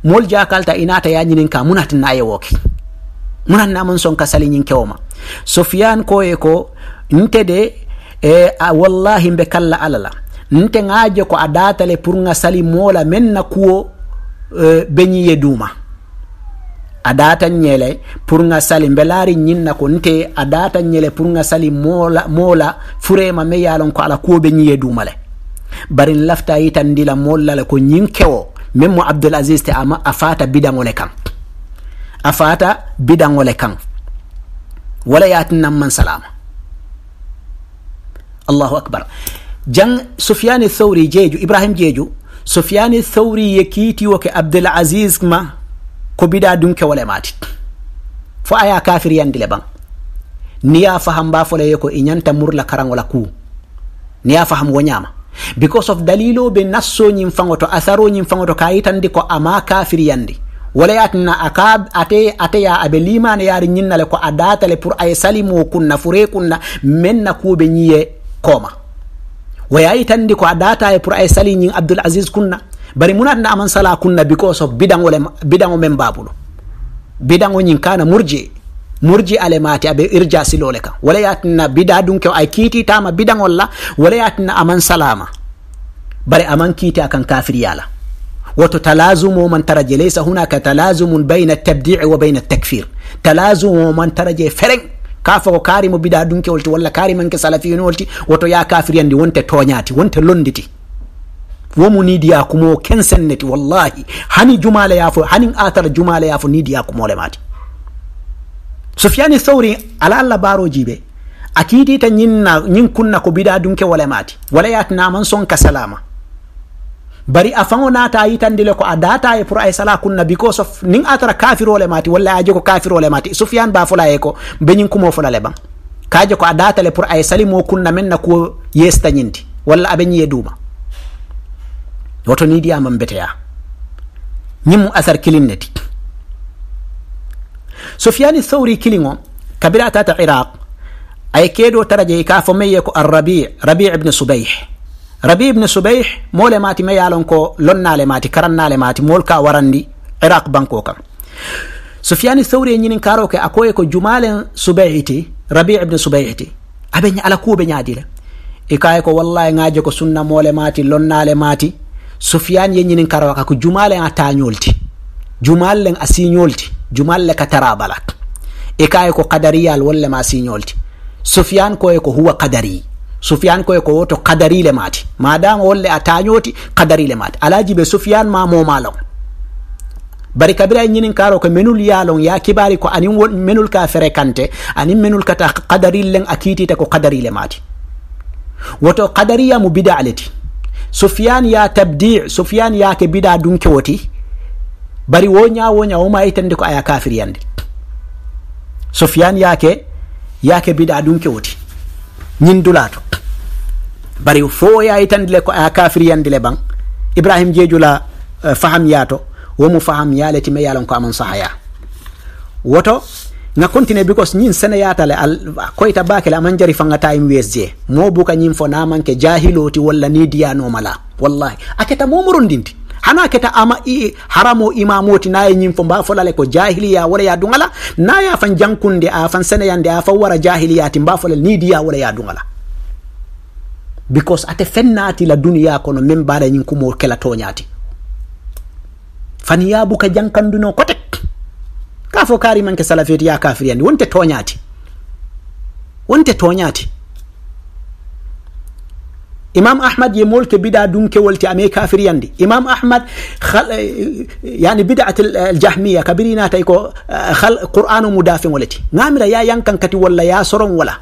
mool jakalta inata yañinin ka munatinna aye wooke munannaman son ka saliñin kewoma sofiyan koye ko nte de e a wallahi mbe kalla alala nte ŋaje ko a datale pour nga sali moola men na kuwo e, beñiye duuma adata nyele pour nga sali mbelari na ko nte adata nyele pour nga sali mola mola furema me yalon ko ala kobe nyiye dumale barin lafta yitandila molla la ko kewo même mo abdul aziz te ama afata bidangole kan afata bidangole kan wala yatinnan man salama allahu akbar jan sufyani thawri jeju ibrahim jeju sufiani thawri ye kiitiwo ke abdul aziz ma ko biɗa ɗum kewole mati fo aya kafir kafiriyandile ban niya faham ba fo foleye ko iñanta murla karangola ku niya faham wo nyama because of dalilo be daliloɓe nyim fango to asaro nyim fango to kayitandi ko ama kafir yandi wala yatina akab ate ate ateya aɓe limane yaari ñinnale ko adata le pour ay salimu kunna fure kunna men na nyiye koma kooma wayayitandi ko adata e pour ay sali ñin abdul aziz kunna bari munat na aman sala kunna because of bidango le bidango men babulo bidango nyin kana murje murje ale mati abe irja silole kan wala yatina bida dun ke ay kiti tama bidango la wala yatina aman salama bari aman kiti akan kafir yala wato talazumu man taraje laysa hunaka talazumun bayna at-tabdi' wa bayna at-takfir talazumu man taraje fereng kafa ko karimo bida dunke wolti walla karimanke salafiyoni wolti woto ya kafiriyandi wonte toñaati wonte londiti womu niidiyakumoo kensenneti wallahi hani jumale yafo hani atara jumale yafo niidiyakumole maati sufiyani thawri ala allah baroji ɓe akiidita ñinna ñin kunna ko biɗa dunke wole maati wala yatinaman son ka salama bari a faŋo naata yitandile ko a data pour ay sala kunna because of niŋ a tara kafirole maati walla aje ko kafirole maati sufiyan ba fola ye ko be ñiŋ kumo fola le baŋ kaje ko a le pour ay salimo kunna meŋ na kuwo yesta ñinti walla abe ñiye duuma woto ni ɗiyama mbeteya ñimmu asar kilin ne ti sufiyani thawri o kabira tata iraq ay keeɗo taraje ka fo meye ko arrabi rabi ibne subayh rabi ibne subayh mole mati me yalon ko lonnale mati karannale mati mol warandi iraq banko kan sufiyani thawri e ñinin karo ke akoye ko jumalen subayhi rabi ibne subayhi ti ala kuɓe ñaadila e ko wallahi ngaje ko sunna mole mati lonnale mati sufyan yeñinin kara waka ko jumalen a tañolti jumallen a siñolti jumalle ka tara balak e kaye ko kadariyal wolle ma siñolti sufyan koye ko huwa kadari sufyan koye ko woto kadarile mati madama wolle a tañoti kadarile mati alaji be sufyan ma momalon bari kabira e ñinin karo ko menul yaalon ya kibari ko anin won menul ka fere kante anin menul kata kadarillen a ta ko kadarile mati woto kadariya mo bida aleti sufyan ya tabdi sufyan yake bida dunke woti bari wo ñawo ñawoma itande ko aya yande kafiriyande sufyan yake yake bida dunke woti ñin dulato bari fo ya itandile ko aya yande le ɓan ibrahim jeejula uh, eh, faham yato womo faham yaletima yalon ko aman sahaya woto nga continue because ñin sene sénéyatale al koyta bakele aman jari fanga time wsj mo buka ñin fo na manke jahiloti walla ni mala wallahi aketa dindi hana keta ama i haramo imamoti naye ñin fo mba folale ko jahiliya wala ya dungala na ya fan jankunde a sene yande a fan wara jahiliyati mba folal ni diya wala ya dungala because ate fennati la duniya kono min mbaɗa ñin kumo kela toñati fan yabuka jankanduno kotek kafo kari manke salafiyeti ya kafiriyandi wonte tonyati wonte tonyati imam ahmad ye molke bida dunke dunkewolti ame yandi imam ahmad yani bidat aljahmiya kabirina tay ko qur'anu mudafiŋo leti ŋamira ya yankan kati wala ya soron wala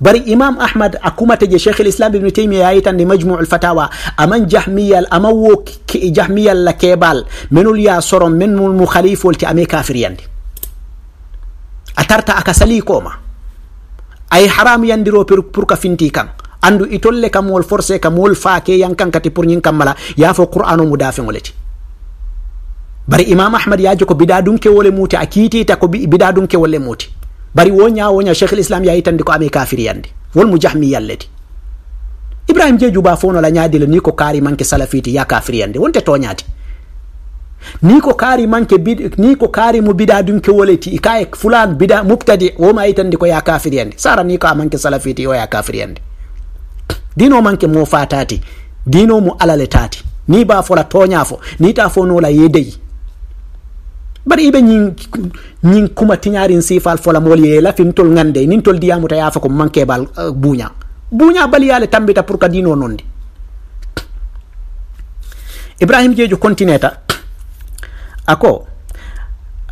bari imam ahmad akumata je ibn l'islam ya taimia yayitande majmuu lfatawa aman jahmiya al ama ki jahmiya al kebal menul ya soron menul mu khalifol ti ame yandi a tarta aka koma ay haram yandiro pour ka finti kan andu itolle kam wol forcé kam wol faake yankan kati pour ñin kammala ya fo qur'ano mu dafeŋo bari imam ahmad yajo ko bida dunke wole muuti a kiitita ko bida dunke wolle muuti bari wo ña wo ña cheikh l'islam ya yitandi ko ame kafiri yandi wol mu jahmi yalleti ibrahim jeju ba fono la ñaadi le ni ko kaari manke salafiti ya kafiri yandi wonte toñaati ni ko manke bid ni ko mu bida dum ke woleti ikaye fulan bida mubtadi woma yitande ko ya kafir yande sara ni ko amanke salafiti o ya kafir yande dino manke mo fatati dino mu alale tati ni ba fola tonya fo ni ta fo no la yedeyi bari ibe ñin ñin kuma tiñarin sifal fola mol ye tol ngande nin tol ya yafa ko manke bal uh, eh, buña buña baliyale tambita pour ka dino nondi ibrahim jeju continue ta ako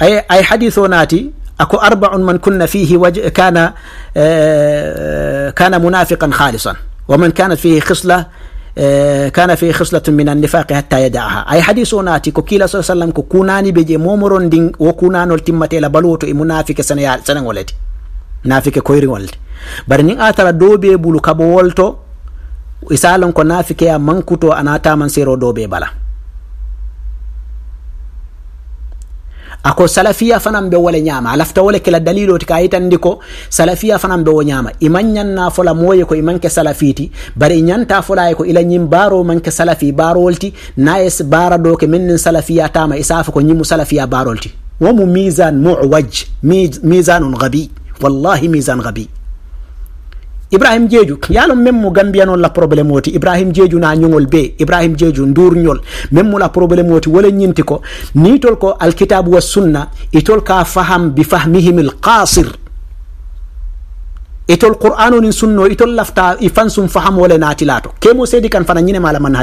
ay, ay hadiso o naati ako arbaun man kunna fihi kana eh, kana munafiqan khalisan wa man kanat fihi khisla eh, kana fi hislatun min annifaqi hatta yadaaha ay hadiso o naati ko kila sa sallam ko kunani beje je momoron ndin wo kunanol timmatela baloto e munafike senegol edi nafike koyrigol de bari nin atara dobe bulu kabo wolto isalon ko nafike ya mankuto man sero dobe bala ako salafiya fanan be wole ñaama a lafta wole kela daliloti ka yitandi ko salafiya fanan be wo ñama iman ñanna fola moye ko imanke salafiti bari i ñanta fola ye ko ila baaro baro manke salafi barolti nayes bara do ke min salafiya tama isafa ko ñimu salafiya barolti wamu misan muwaj mizanun gabi wallahi misan gabi ibrahim jeju yalon même mo gambia noon la problème oti ibrahim jeju na ñogol be ibrahim jeju durñol même mo la probléme oti wala ñinti ko ni tol ko alkitabu wa sunna itol ka faham bi fahmihim alqasir itol qur'anu nin sunno itol lafta i fansum faham wala natilato kemo sedi kan fana ñine mala man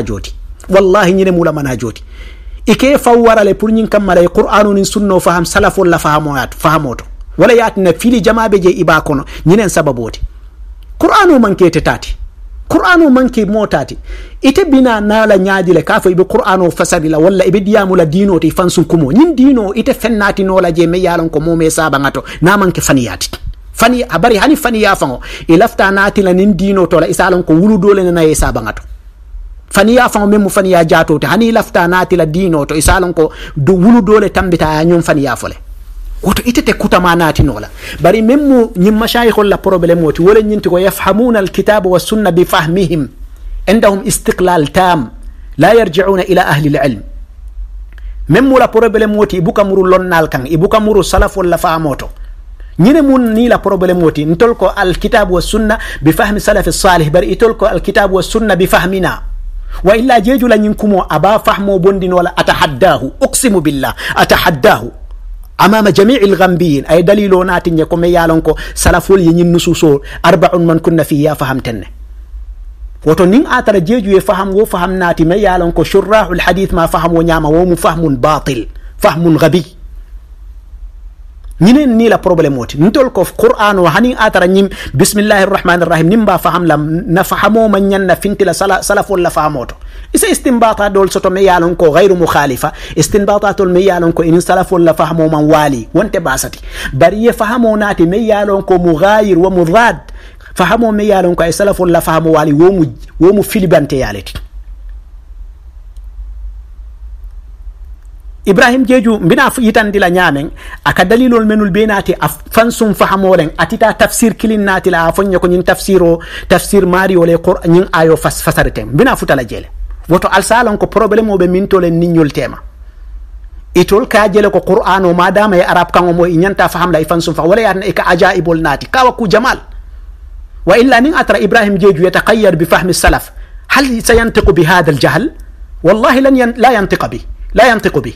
wallahi ñine mula man ha joti ike pour ñin kam mala qur'anu nin sunno faham salafol la fahamoyat fahamoto wala yatina fili jamaɓe je iba ñinen sababoti qur'ano manke tati qur'ano manke motati ite bina nala ñaajile ka fo ibe qur'ano fasadi la walla ibe diyamu la dino te fansun kumo ñin dino ite fennati nola je me yalon ko mome saba ngato na manke faniyati fani abari hani fani ya fango ilafta nati la nin dino to la isalon ko wulu dole na ye saba ngato fani ya fango memu fani ya jato te hani ilafta nati la dino to isalon ko do wulu dole tambita ya nyum fani ya fole woto itete kutamanatinola bari même mu ñim mashayikhol la probléme oti wala ñinti ko yafhamuna alkitaba wassunna bifahmihim عندهم استقلال تام لا يرجعون إلى أهل العلم même la problème woti ibuka muru lonnal kan ibuka muru salaf walla faamoto ñine mun ni la problème woti ntol ko alkitab wa sunna bi fahmi salafi salih bari itol ko alkitab wa sunna bi fahmina wa illa jeju la ñin kumo aba fahmo bondinola atahaddahu uqsimu billah atahaddahu امام جميع الغنبيين اي دليلونات نيكو ميالونكو سلفول ينين نصوصو اربع من كنا فيها فهمتن woto nin atara jeeju ye faham wo faham naati me yalon ko shurrahul hadith ma faham wo nyama wo mu fahmun batil fahmun ghabi ñinen ni la problème oti ntol ko qur'an o hanin atara ñim bismillahir rahmanir rahim ba faham lam na fahamo man ñanna fintila sala, salafol la fahamoto isa dol soto mi ye ko gayru mukhalifa istinbatatol mi ye a ko inin salafol la fahamo man waali wonte basati bari ye fahamo naati mi ye a lon ko mughayir wa murad fahamo mi ye ko ay salafol waali ibrahim jeju mbina yitandi la ñaamen aka dalilol menul be naati a fansum fahamoren atita tafsir kilin naati la a foñña ko ñin tafsir o tafsir mario le qur ayo fas fasareten mbina la jele woto alsalon ko probléme o ɓe mintolen niñoltema itol ka jele ko qur'an o madama e arab kan o mo i ñanta fahamla e fansum fa wala yatna e ka ajaibol naati kawa ku jamal wa illa nin atra ibrahim jeeju yetakayyar bi fahmi salaf hal sayantiqu bi hada al jahl wallahi lan yan, la yantiqa bi la yantiqu bi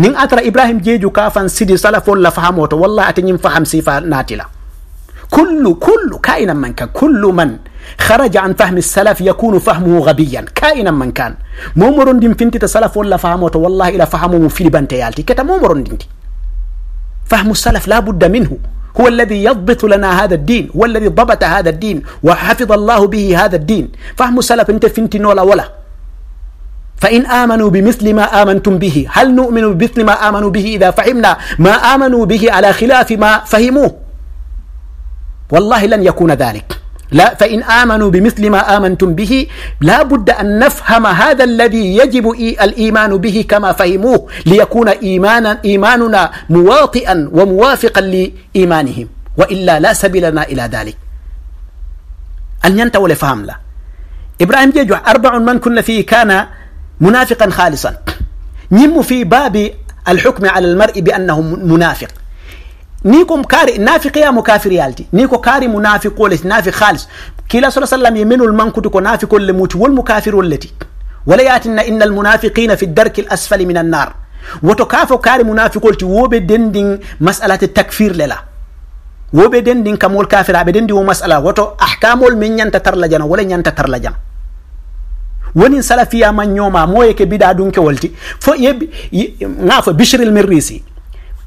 nin atara ibrahim jeeju ka fan sidi salafol la fahamoto walla ata ñin faham sifa naatila kullu kullu kainan man kan kullu man خرج عن فهم السلف يكون فهمه غبيا كائنا من كان مومرون دين فينتي تسلف ولا فهمه والله إلى فهمه في بنت يالتي كتا مومرون دين دي. فهم السلف لا بد منه هو الذي يضبط لنا هذا الدين هو الذي ضبط هذا الدين وحفظ الله به هذا الدين فهم السلف انت فينتي نولا ولا فإن آمنوا بمثل ما آمنتم به هل نؤمن بمثل ما آمنوا به إذا فهمنا ما آمنوا به على خلاف ما فهموه والله لن يكون ذلك لا فإن آمنوا بمثل ما آمنتم به لا بد أن نفهم هذا الذي يجب الإيمان به كما فهموه ليكون إيمانا إيماننا مواطئا وموافقا لإيمانهم وإلا لا سبيل لنا إلى ذلك أن ينتهوا لفهم له إبراهيم جيجو أربع من كنا فيه كان منافقا خالصا نم في باب الحكم على المرء بأنه منافق ni ko kaari nafiqe ya mo kafiri yalti ni ko kaari munafiqole nafi halis kila sa sallam ye menol mankude ko nafiqol le muti wolmo kafirol leti wala yatinna inna almunafiqina fi darki l asfali min annar woto kaafo kaari munafiqol ti woɓe dendin masalate takfir le la woɓe dendin kamol kafiraɓe dendi wo masala woto ahkamol min ñanta tarla jana wala ñanta tarla jana wonin salafiya man ñoma moye ke biɗa ɗum kewolti fo ye ŋa fo bishril mirrisi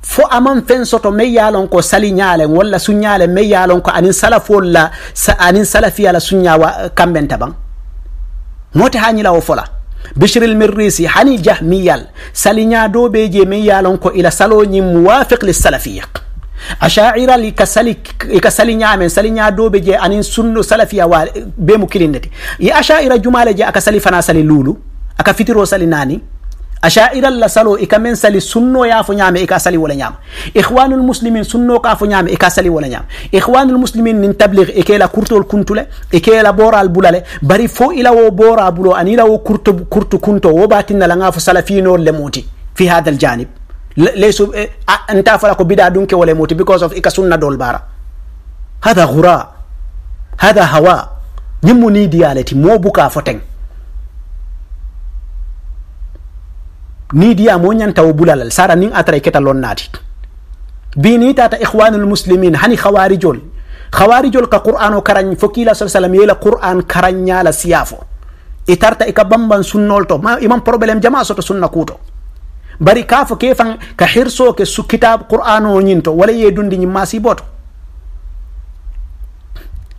fo aman fen soto me yalon ko sali nyalen walla su nyalen me yalon ko anin salafol la sa anin salafiya la sunyawa eh, kamben taban moti hanyila fola bishril mirrisi hani jahmiyal salinya do be je me yalon ko ila salo nyi muwafiq lis salafiyya ashaira li kasali kasali nyame sali nya do be je anin sunno salafiya wa eh, be mu kilindati ya ashaira jumale je akasali fana sali lulu aka fitiro sali nani ashaira la salo i ka men sali sunno ya fo ñaame i ka sali wala ñaama ihwanul muslimin sunno ka fo ñaame i ka sali wala ñaama ihwanul muslimin nin tablig i ke la kurtol kuntule i ke la boral bulale bari fo ila wo bora bulo ani ila wo kurto kurtu kunto wo batinna la fo le fi hada aljanib laysu eh, anta fala ko bida dunke wala because of ika sunna dol bara hada ghura hada hawa ñimmu ni mo buka ni dia ya mo ñanta wo bulalal sara nin atara keta lon bi ni tata ikhwanul muslimin hani khawarijol khawarijol ka qur'an o karañ fo kila sa sallam yela qur'an karañala siyafo itarta e ka bamban sunnol to ma imam problem jama'a soto sunna kuto bari ka fo fan ka hirso ke su kitab qur'an o ñinto wala ye dundi ñim ma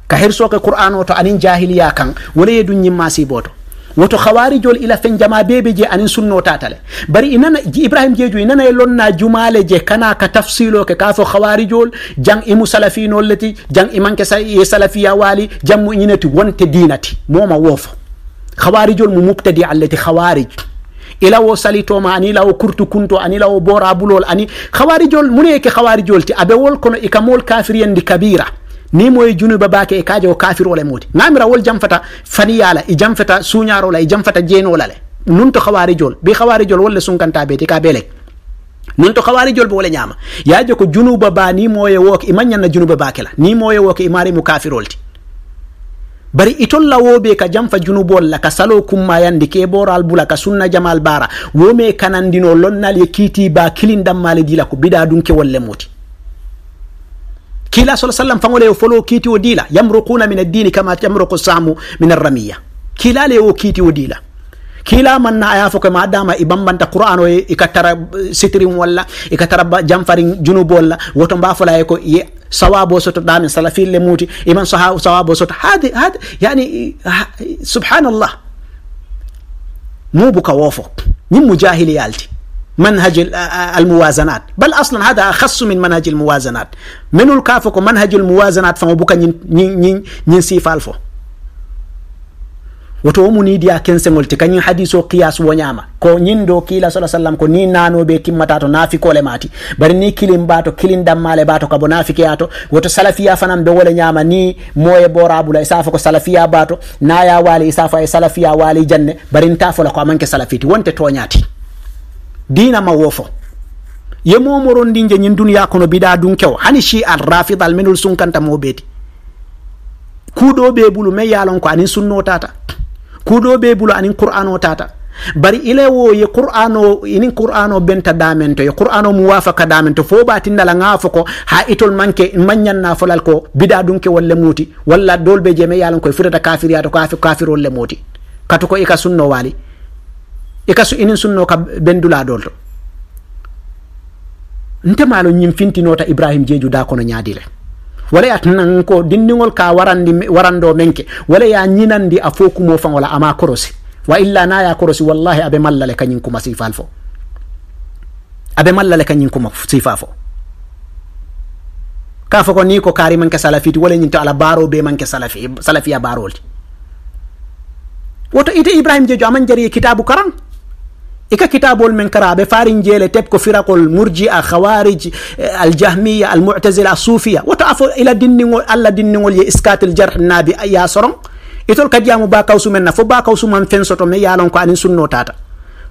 ka hirso ke qur'an o to anin jahiliya kan wala ye dun ñim ma woto hawarijol ila fen jama bebe je anin tatale bari inana ibrahim jeju inana e lonna jumale je kana ka tafsilo ke ka fo hawarijol jang imu no lati jang imanke e ya wali mu inati wonte dinati moma woofo hawarijol mu mubtadi allati hawarij ila wo salito ma ani lawo kurtu kunto ani lawo bora bulol ani hawarijol mune ke hawarijol ti abe wol kono ikamol kafiriyendi kabira ni moye junuba bake e kaje o kafirole moti gamira wol jamfata faniyala e jamfata suñarola e jamfata jeenolale nun to hawarijol bi hawarijol wolle sunkantaɓe ti ka belek nun to hawarijol bo wole ñama yajo ko junuba ba ni moye i e mañanna junuba bake la ni moye woke e mari mo kafirolti bari itol lawoɓe ka jamfa junubol la ka salo kummayandi ke boral bula ka sunna jamal bara wome kanandino lonnal ye kiiti ba kilin dammale la ko bida ɗum ke wolle moti kila sala sallam fangole o folo kiti o dila yamruquna min ad dini kama yamroku samu min ar-ramiya kila le o kiti o dila kila manna aya fo ko ma dama e bambanta qur'an o e ikatara eh, sitirin walla ikatara jamfarin junub walla woto mbafola e ko ye sawabo soto ɗamin salafille muuti iman sawabo soto hadi hadi yani subhanallah mubuka wofo ñimmu jahili yalti منهج الموازنات بل اصلا هذا اخص من منهج الموازنات من الكافو منهج الموازنات فما بوكا نين نين نين سيفالفو woto wo mu ni diya kensegol ti kañum hadiso qiyas ñama ko ñin do kila sa sallam ko ni nanoɓe kimmata to nafikole mati bari ni kilin bato kilin dammale bato to kabo naafikeya woto salafiya fanan be wole ñama ni moye borabula isafa ko salafiya bato naya waali isafa e salafiya wali janne bari tafola ko amanke salafiti wonte toñati dina ma wofo yemo moron dinje nyin duniya kono bida dun kew hani shi al rafid al minul sunkanta mo beti kuɗo be bulu me yalon ko anin sunno tata kuɗo be bulu anin qur'an o tata bari ile wo ye qur'an o inin qur'an o benta damen to ye qur'an o muwafaka damen to fo batindala nga fo ko ha itol manke manyanna folal ko bida dunke walle muti walla dolbe je me yalon koye futata kafiriyata to afi kafirol le muti katu ko ika e sunno wali e kaso inin sunno ka bendulaɗol to ntemalo ñin fintinota ibrahima jeeju da kono ñaadile wala ya tanan ko dindigol ka warandi warando menke wala ya ñinandi a fo kumo fangola ama korosi wa illa na ya korosi wallahi abe mallale kañin kuma sifal fo mallale kañin kuma sifa fo ka fo ko ni ko kaari manke salafiti wala ñin ala baro be manke salafi salafiya barolti woto ite ibrahima jeeju aman jari kitabu karan ika kitabol men kara ɓe farin jeele teɓ ko firakol murji a khawarij eh, aljahmiya almutazila sufiya woto afo ila dindigol allah dindigol ye iskatel jarh naabi ya soron itol kadi yamu ba kawsu men na fo ba kawsu man fen soto mais yalon ko anin sunno tata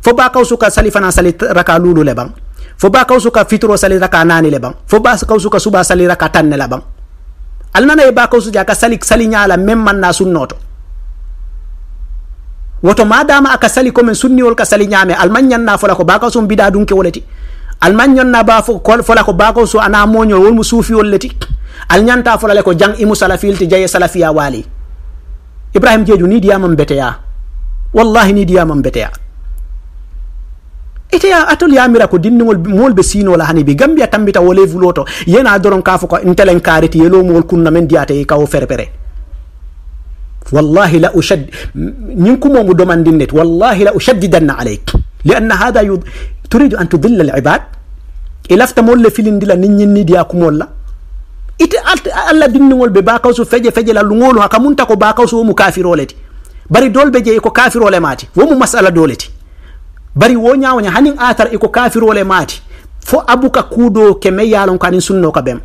fo ba kawsu ka sali sali raka lulu le ban fo ba kawsu ka fitro sali raka nani le ban fo ba kawsu ka suba sali raka tanne le ban alnana e ba kawsu ja ka sali sali nyala men man na sunnoto woto madama aka sali komin sunniwol ka sali ñaame almañ ñanna fola ko bakaw so mbiɗa ɗum ke woleti almañ ñonna ba fola ko bakaw so ana moñol wolmo suufiwol leti al ñanta folale ko jang imu salafil ti jaye salafiya waali ibrahima jeeju ni diyamam beteya wallahi ni diyamam beteya iteya atol yamira ko dindigol mool ɓe siinola hani bi gambiya tambita wole vuloto yena doron ka fo ko ntelen kareti yelomowol kunna men diyate kawo ferpere والله لا أشد منكم ومدمان دنت والله لا أشددن عليك لأن هذا يض... تريد أن تضل العباد إلفت مول في لندلا نين ندياكم ولا إت ألا دين وول بباكوس فجة لا للمول هكمون تكو باكوس ومكافر ولدي bari dolbe je iko kafirole maati womo masala doleti bari wo ñawoña hanin atar iko kafirole maati fo abuka kuudo ke me yalon kanin sunno ka ɓem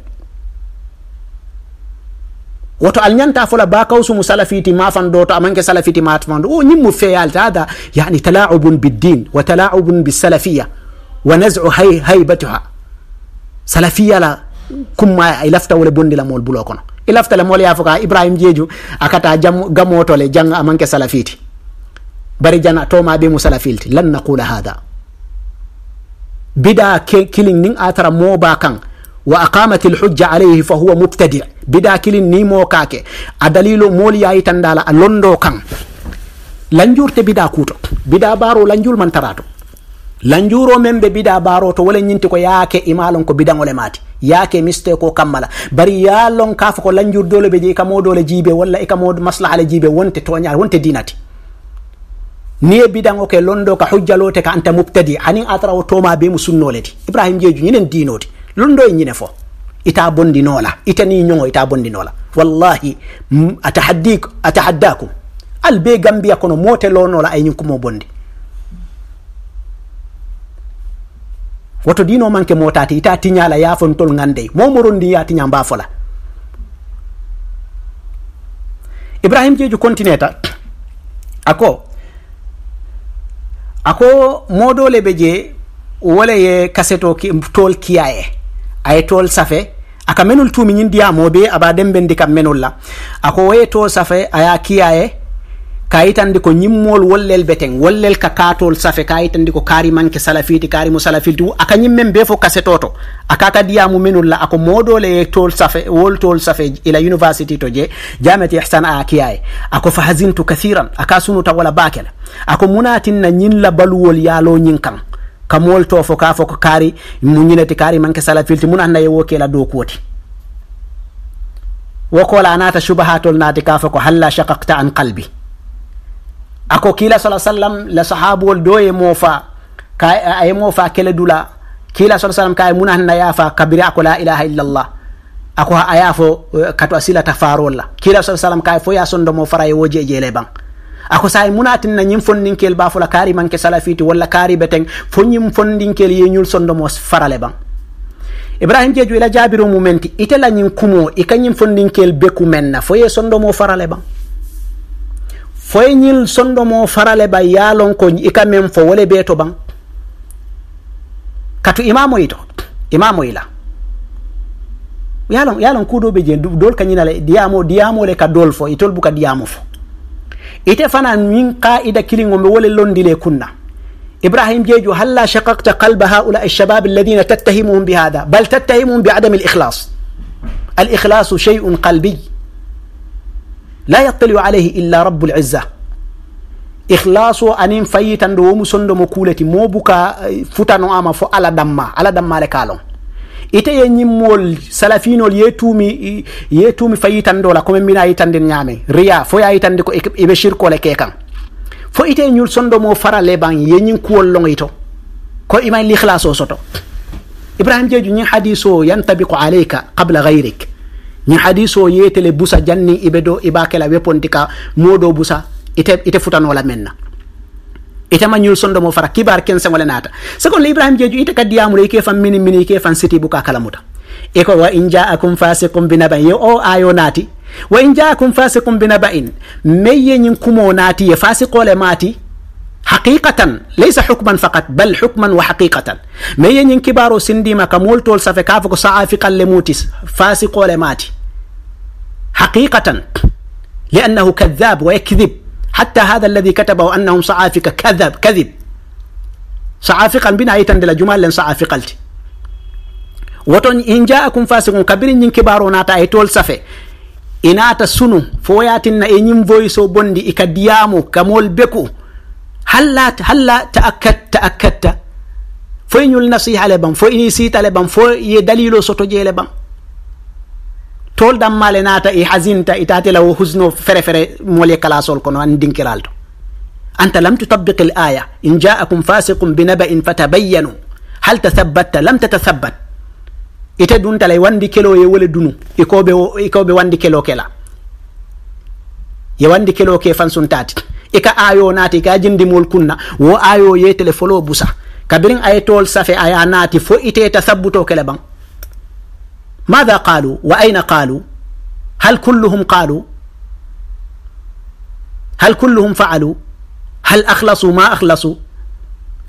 woto alñanta fola ba sumu salafiti mafanɗo to amanke salafiti do o ñimmu feyalta hada yani talaubun biddin wa talaubun bisalafiya wa nasu hay haybatiha salafiya la kumma e lafta wole bondilamol bulo kono e laftalemol ya fo ka ibrahima akata jam gamotole janga amanke salafiti bari jana toma ɓe mo salafilti lan naqula hada bida kiling ning atara moba kan wa aqamat lhujja alayhi fa huwa mubtadi bida kilin nimo kake a dalilo moolu yayitandala a londo kan lanjurte bida kuuto bida baaro lanjul man tarato lanjuro men be bida baro to wala nyinti ko yaake imalon ko bidangole mati yaake miste ko kammala bari yalon kafa ko lanjur dole be je kamo jibe walla e kamo maslaha le jibe wonte toñar wonte dinati ni e bidango ke londo ka hujjalote ka anta mubtadi anin atara toma be mu ibrahim jeju ñinen dinoti londo e ñine fo ita bondinola itani ñogo ita nola wallahi atahaddi atahaddakum al be gambiya kono motelonola ay ñin kumo bondi woto dino manke motati ita tiñala ngande ngandey momorondi ya tiña la ibrahim jeju kontineta ako ako modole be je wala ye kaseto ki, tol kiyaye aye tol safe aka menol be diyamoɓe aɓa dembendi kam menol la ako waye to safe aya kiyaye kayitandi ko ñimmol wollel beten wollel ka katol safe kayitandi ko kaari manke salafiti kaari mo salafiti aka ñimmen be fo kase toto aka ka diyamu menol la ako modole e tol safe wol tol safe ila university to je jamati ihsan a kiyaye ako fahazintu kathiran aka sunuta wala bakela ako na ñin la baluwol yaalo ñin kan kamol to fo ka fo ko kaari mu ñinati kaari manke sala filti mun annaye wo kela dow kuwoti wo kola anata subahatol naati ka fo ko halla shakakta an qalbi ako kila sa sallam la sahabuwol do ye mo fa ka aye mo fa kele dula kila sa sallam kaye mun annaya fa kabiri ako la ilaha illallah ako aya fo kato asila tafarol la kila sa sallam kaye fo ya sondo mo fara ye wo jeejele bang ako say munatin na ñim fondinkel ba fula kari manke salafiti wala kari beteng fo ñim fondinkel ye ñul sondo mos farale ban ibrahim jeju ila jabiru mu menti ite la ñim kumo i ka ñim fondinkel beku menna fo ye sondo mo farale ban fo ye ñil sondo mo farale ba ya lon ko i ka mem fo wala beto ban katu imamo ito imamo ila yalon yalon kudo be je dol kanyina le diamo diamo le ka dol fo itol buka diamo fo ite fana min qa'ida kilin wo wole londile kunna ابراهيم جيجو هلا شققت قلب هؤلاء الشباب الذين تتهمهم بهذا بل تتهمهم بعدم الاخلاص الاخلاص شيء قلبي لا يطلع عليه الا رب العزه اخلاص ان فيتن دوم سندم كولتي مو بوكا اه، فوتانو اما فو دما على دما لكالون ite ye ñimmol salafinol ye tuumi ye tuumi fa yitandola comme mbina yitanden ñaame riya fo ya yitande ko eɓe e shirkole ke kan fo ite ñul sondomo farale ban ye ñin kuwol longoyto ko iman lihlas o soto ibrahim jeju ñin hadis o yantabiqu alayka qabla gayrik ñin hadis o yetele busa janni iɓe do iba kela weponti ka moɗo busa ite ite futanola men na itama ñul mo fara kibar ken nata naata sekono ibrahim jeju ite kadi amule ike fam mini mini ike fam siti buka kalamuta eko wa in ja'akum fasiqun binaba yo o ayo nati wa inja in ja'akum binaba in meye ñin kumo nati ye fasiqole mati haqiqatan laysa hukman faqat bal hukman wa haqiqatan meye ñin kibaro sindima ka moltol safe kafa ko sa'afi kalle mutis fasiqole mati haqiqatan li'annahu kadhab wa yakdhib hatta hadha alladhi kataba annahum sa'afika kadhab kadhib sa'afiqan bina yitan de la jumal len sa'afiqalti woton in ja'akum fasiqun kabirin nyin kibaro nata ay tol safe inata sunu fo yatinna e ñim voice o bondi ika diyamo kamol beku halla halla ta'akkat ta'akkatta fo ñul nasiha le bam fo ini sita le bam fo ye dalilo soto jele bam tol dammale naata e hasinta itate law husno fere fere moole kalasol kono an dinkiral to anta lam tutabiq l aya in jaakum fasiqum binabain fatabayyanu hal tathabbatta lam tatathabbat ite dun talay wandi kelo ye wole dunu ikoɓe ikoɓe wandi kelo kela ye wandi kelo ke fan suntati ika ayo naati ka jindimol kunna wo ayo ye tele folo busa kabirin aye tol safe aya naati fo ite tasabbuto kele ban ماذا قالوا وأين قالوا هل كلهم قالوا هل كلهم فعلوا هل أخلصوا ما أخلصوا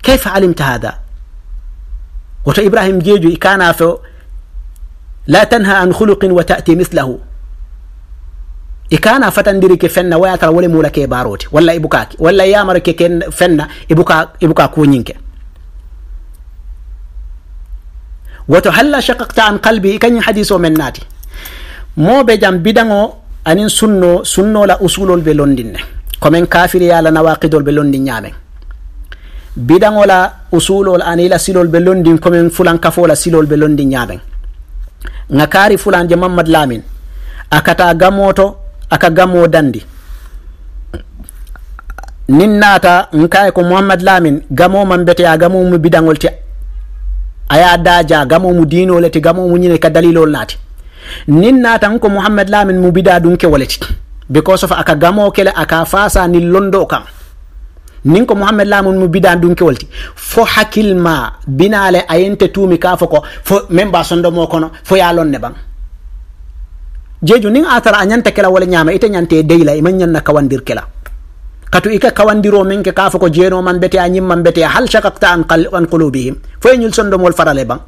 كيف علمت هذا قلت إبراهيم جيجو كان في لا تنهى عن خلق وتأتي مثله إكانا fatan diri ke fenna waya tara wole ولا ke ولا walla ibuka walla yamar woto halla shakakta an qalbi i kañum hadiso men naati moɓe jam bidango anin sunno sunnola usulol ɓe londinne komin kafiriyala nawaqidol ɓe londin ñamen bidangola usulol anila silol ɓe londin komin fulankafola silol ɓe londin ñamen ga kaari fulanje mamadou lamin akata gamoto aka gamo dandi nin naata nkay ko mouhammad lamin gamo man bete a gamo mu bidangol te aya daja gamo mu dinole te gamo mu ñine ka dalilol laati nin natan ko mouhammad lamin mu bida ɗum ke waleti because of aka gamo kele aka fasa ni londo kam nin ko mouhammad lamin mu bida ɗum ke walti fo hakkilma binale ayente tuumi ka fo ko fo même ba sondomo kono fo ya lonne ɓan jeju nin atara a ñanta wala ñama ite ñante deyla iman ñanna kawandir kela katu ika kawandiro men ke kafa ko jeno man bete a nyimman bete hal shaqaqta an qal an qulubihim fo nyul sondo mol farale ban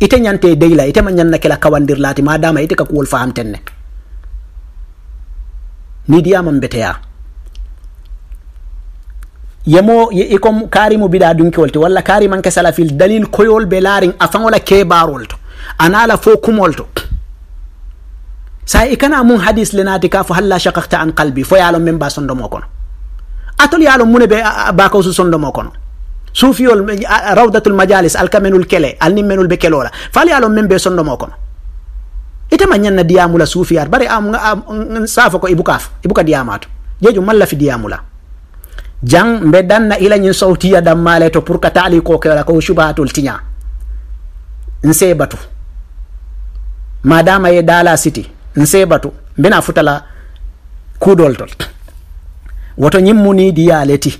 ite nyante deyla ite man nyanna kala kawandir lati madama ite ka kuwol fahamtenne ni diyaman beteya yemo ye ikom karimu biɗa dunkewol to walla karimanke salafil dalil koyol be laarin afaŋola kebarol to anala fo kumol to sa i kana mun hadis le naati ka fo halla shakakta an qalbi fo yaalon men baa sondomoo kono atol yaalon mune be bakawsu sondomoo kono suufiyol rawdatul majalis alkamenul kele alnimmenul be kelola fal yaalon men be sondomoo kono itema ñanna diyamula suufiyar bari am safo ko ibukaf ibuka diyamato jeju malla fi diyamula jang mbe danna ila ñin sawtiya dammale to pour ka taali ko kewla ko subatul tiña nse batu madama ye dala siti nse batu mbena futala kudol tol woto ñim mu ni diyale ti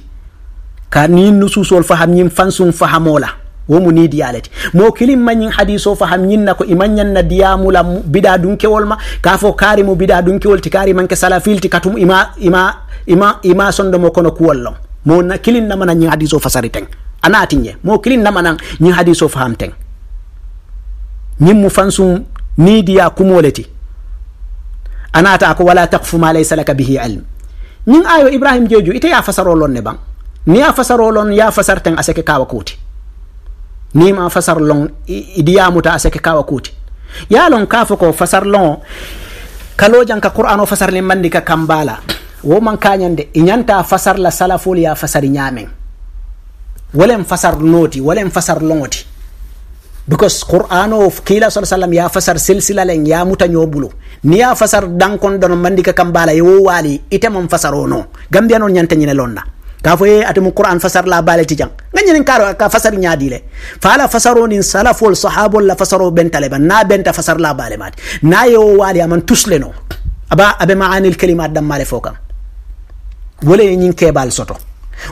ka ni nususol faham ñim fansum fahamola wo mu ni diyale mo kilim ma ñin hadiso faham ñin na ko imanñanna diyamula bida dunkewol ma ka fo kaari mu bida dunkewol ti kaari manke salafil ti katum ima ima ima ima sondomo kono kuwol lom mo na kilin namana ñin hadiso fasari teng anati ñe mo kilin namana ñin hadiso faham teng ñim mu fansum ni diya kumole ti anata ko wala taqfu ma laysa laka bihi ilm nin ayo ibrahim jeju ite ya lon ne ban ni ya fasarolon ya fasarten aseke kawa kuti ni ma fasar lon idiya muta aseke kawa kuti yalon kafo ko lon kalo janka fasar o mandi ka kambala wo man inyanta fasar la salaful ya fasari nyamen walen fasar noti walen fasar longoti. because qur'an of kila sallallahu sallam ya fasar silsila len ya muta nyobulo ni ya fasar dankon don mandika kambala yo wali ite mam fasaro gambia non nyanta nyine lonna ka fo ye atemu qur'an fasar la bale ti jang ngani karo ka fasar nyaadi le fala fasaro salaful sahabul la fasaro bentale ban na benta fasar la bale mat na yo wali aman tusle no aba abe maani al kalimat dam male fokan wala nyin kebal soto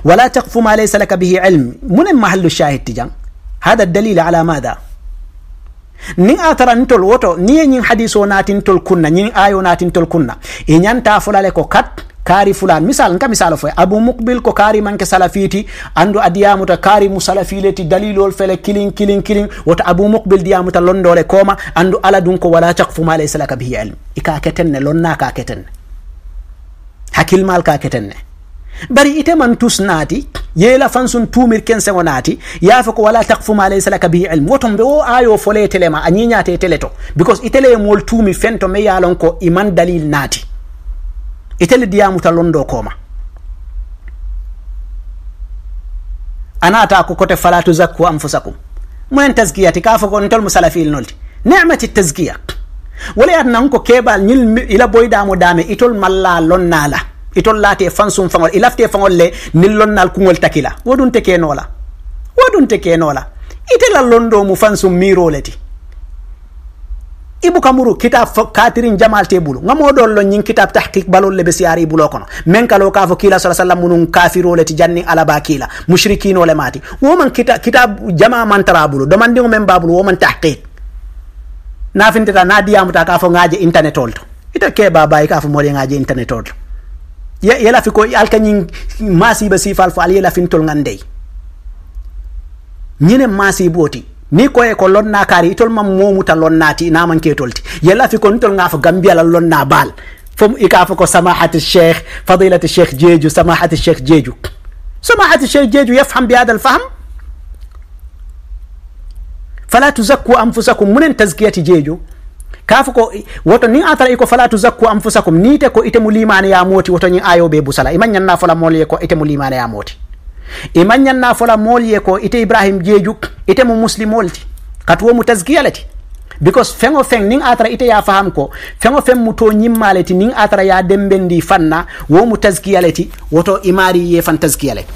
wala taqfu ma laysa laka bihi ilm munen mahallu shahid ti jang hada dalil ala madha nin a tara ntol woto ni ye ñin hadiso natintol kunna ñin ayo natintol kunna i ñanta fulale ko kat kaari fulan misal nka misala foye abu mukbil ko kaari manke salafiti andu a diyamuta kaari mu salafileti dalilol fele kilin kilin kilin woto abu mukbil diyamuta londole koma andu ala dun ko wala cakfu ma laysa laka bihi ilm i ka ketenne lonna ka ketenne hakkilmal ka bari ite tus naati yeela fan sun tuumir kenseŋo naati yaafe ko wala takfu ma laysa laka bi ilmu woton be wo aayo fole telema a ñiñaate tele to bicause itele mool tuumi fento me ye lon ko iman dalil naati itele diyamuta londo kooma anata ko kote fala tuzakku anfusakum munen tazkiyati ka fo ko ntol musalafil nolti ni'mati tazkiya wala yat nan ko kebal ñil ila boydamo dame itol malla lonnala itollate fansum fangol i lafte fangol le nin nal kugol takila woɗum te kenola woɗum te kenola itela londo mu fansum mirole ti ibu kamuru kitab fo katirin jamal te bulu ngamo ɗon lon ñin kitab tahqiq balol le ɓe siyari i bulo kono min kalo ka fo kiila sala sallam munum kafirole ti janni alaba kiila mushrikinole mati woman kita, kitab jama mantara bulu domandigo men babulu woman tahqiq nafinteta na diyamuta ka fo ngaje internet olto ita ke babayi ka fo moɗe ngaje internet olto ye yelafi ko alkañin masiba sifal fo ala yelafintol ngandey ñinen masiboti ni koye ko lonna kaari itol naa momuta lonnati namanketolti yelafi ko nitol nga fo gambiyala lonna baal fom ika fo ko samahati cheikh fadilati cheikh jeeju samahati cheikh jeeju samahati cheikh jeeju yafham bi hada alfaham fala tuzakku anfusakum munen taskiyati jeeju kafu ko woto ni atara iko fala tuzakku anfusakum te ko itemu limane ya moti woto ni ayo be busala ima ñanna fola mool ye ko itemu limane yamoti ima ñanna fola mool ye ko ite ibrahim jeju itemu muslim molti katwo mu tazkiyalati because fengo feng ning atara ite ya faham ko fengo feŋ mu to nyimmalati ning atara ya dembendi fanna wo mu tazkiyalati woto imari ye fan tazkiyalati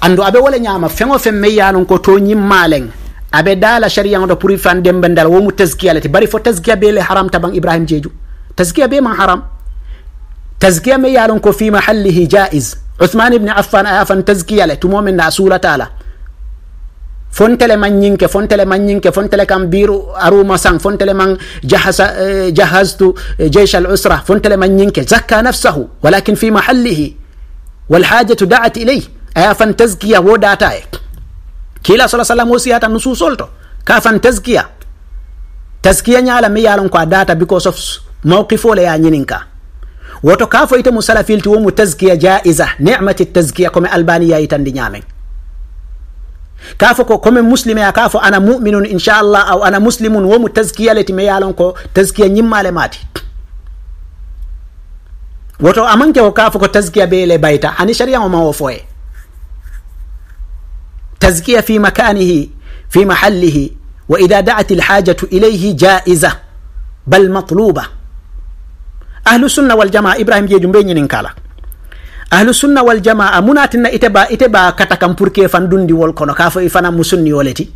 ando abe wala nyama fengo feŋo meyanon ko to ñimma aɓe daala sharia o ɗo pour fande bendal womu taskiya lati bari fo taskiya be le haram taban ibrahima jeju taskiya be man haram taskiya me yalon ko fi mahallihi jais usmane ibne affan a yafan taskiya le tumomen na sulatala fontele man ñinke fontele man ñinke fontele kam biru aruma sang fontele man jahasa, jahaztu jeish al usra fontele man ñinke zakka nafsahu walakin fi mahallihi والحاجة دعت إليه أيا فان تزكية وداتا kila sala mosi hata nusu solto kafan tazkiya tazkiya ñala mi yalon ko data because of mawqifo le ya ñininka woto ka fo ite filti wo mu tazkiya jaiza ni'mati tazkiya kome albaniya yitandi ñamen ka fo ko komin muslime ya ka fo ana muminun inchallah aw ana muslimun wo mu tazkiya leti mi yalon ko tazkiya ñimmale mati woto amanke ko ka fo ko tazkiya be le bayta ani sharia o ma wo foye tazkia fi makanihi fi mahalihi wa da'at alhajatu ilayhi jaiza bal matluba ahlu sunna ibrahim jeju mbe ñinin kala ahlu sunna munatinna ite ba ite ba kata kam pour ke fan dundi wol kono ka fo i fana musunni woleti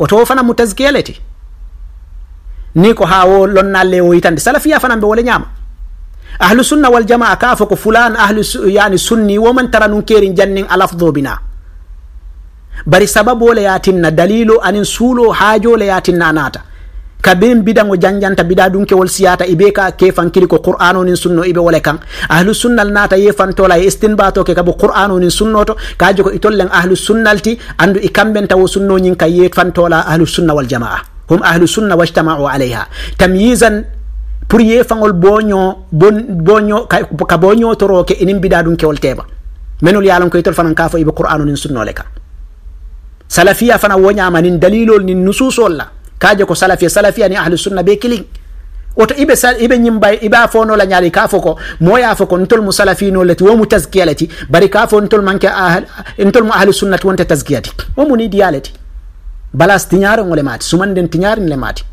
woto fana mu tazkiya leti ni ko ha wo lonnalle wo yitande salafiya fana mbe wole ñama ahlu sunna ka fo ko fulan ahlu yani sunni woman tara nun kerin jannin alafdo bina bari sababo le yatinna dalilo anin suulo haajo le yatinna naata ka ben bidango janjanta bida ɗum kewol siyata ibe ka kefankili ko qur'ano nin sunno ibe wole kan ahlu sunnal nata yefantola e istinbatoke kabo qur'an onin sunnoto kaji ko itollen ahlu sunnalti andu i kamɓen tawo nin ka yefantola ahlu sunna wal jamaa hum ahlu sunna wajtamau alayha tamyizan pour yefangol boño boño ka boño toroke inin bida ɗum kewol teɓa menol yalon ko itol fanan ka fo ibe nin sunno le ka salafiya fana wo ñamanin dalilol nin nususol la kaje ko salafiya salafiya ni sunna be kilin woto ibe sal ibe nyimbay iba fono la ñaali ka fo ko moya fo ko ntol mu lati wo mu tazkiya lati bari ka ntol manke ahl ntol mu ahli sunna wonte tazkiyati ti wo mu ni balas tiñaare ngole maati sumanden tiñaare ngole maati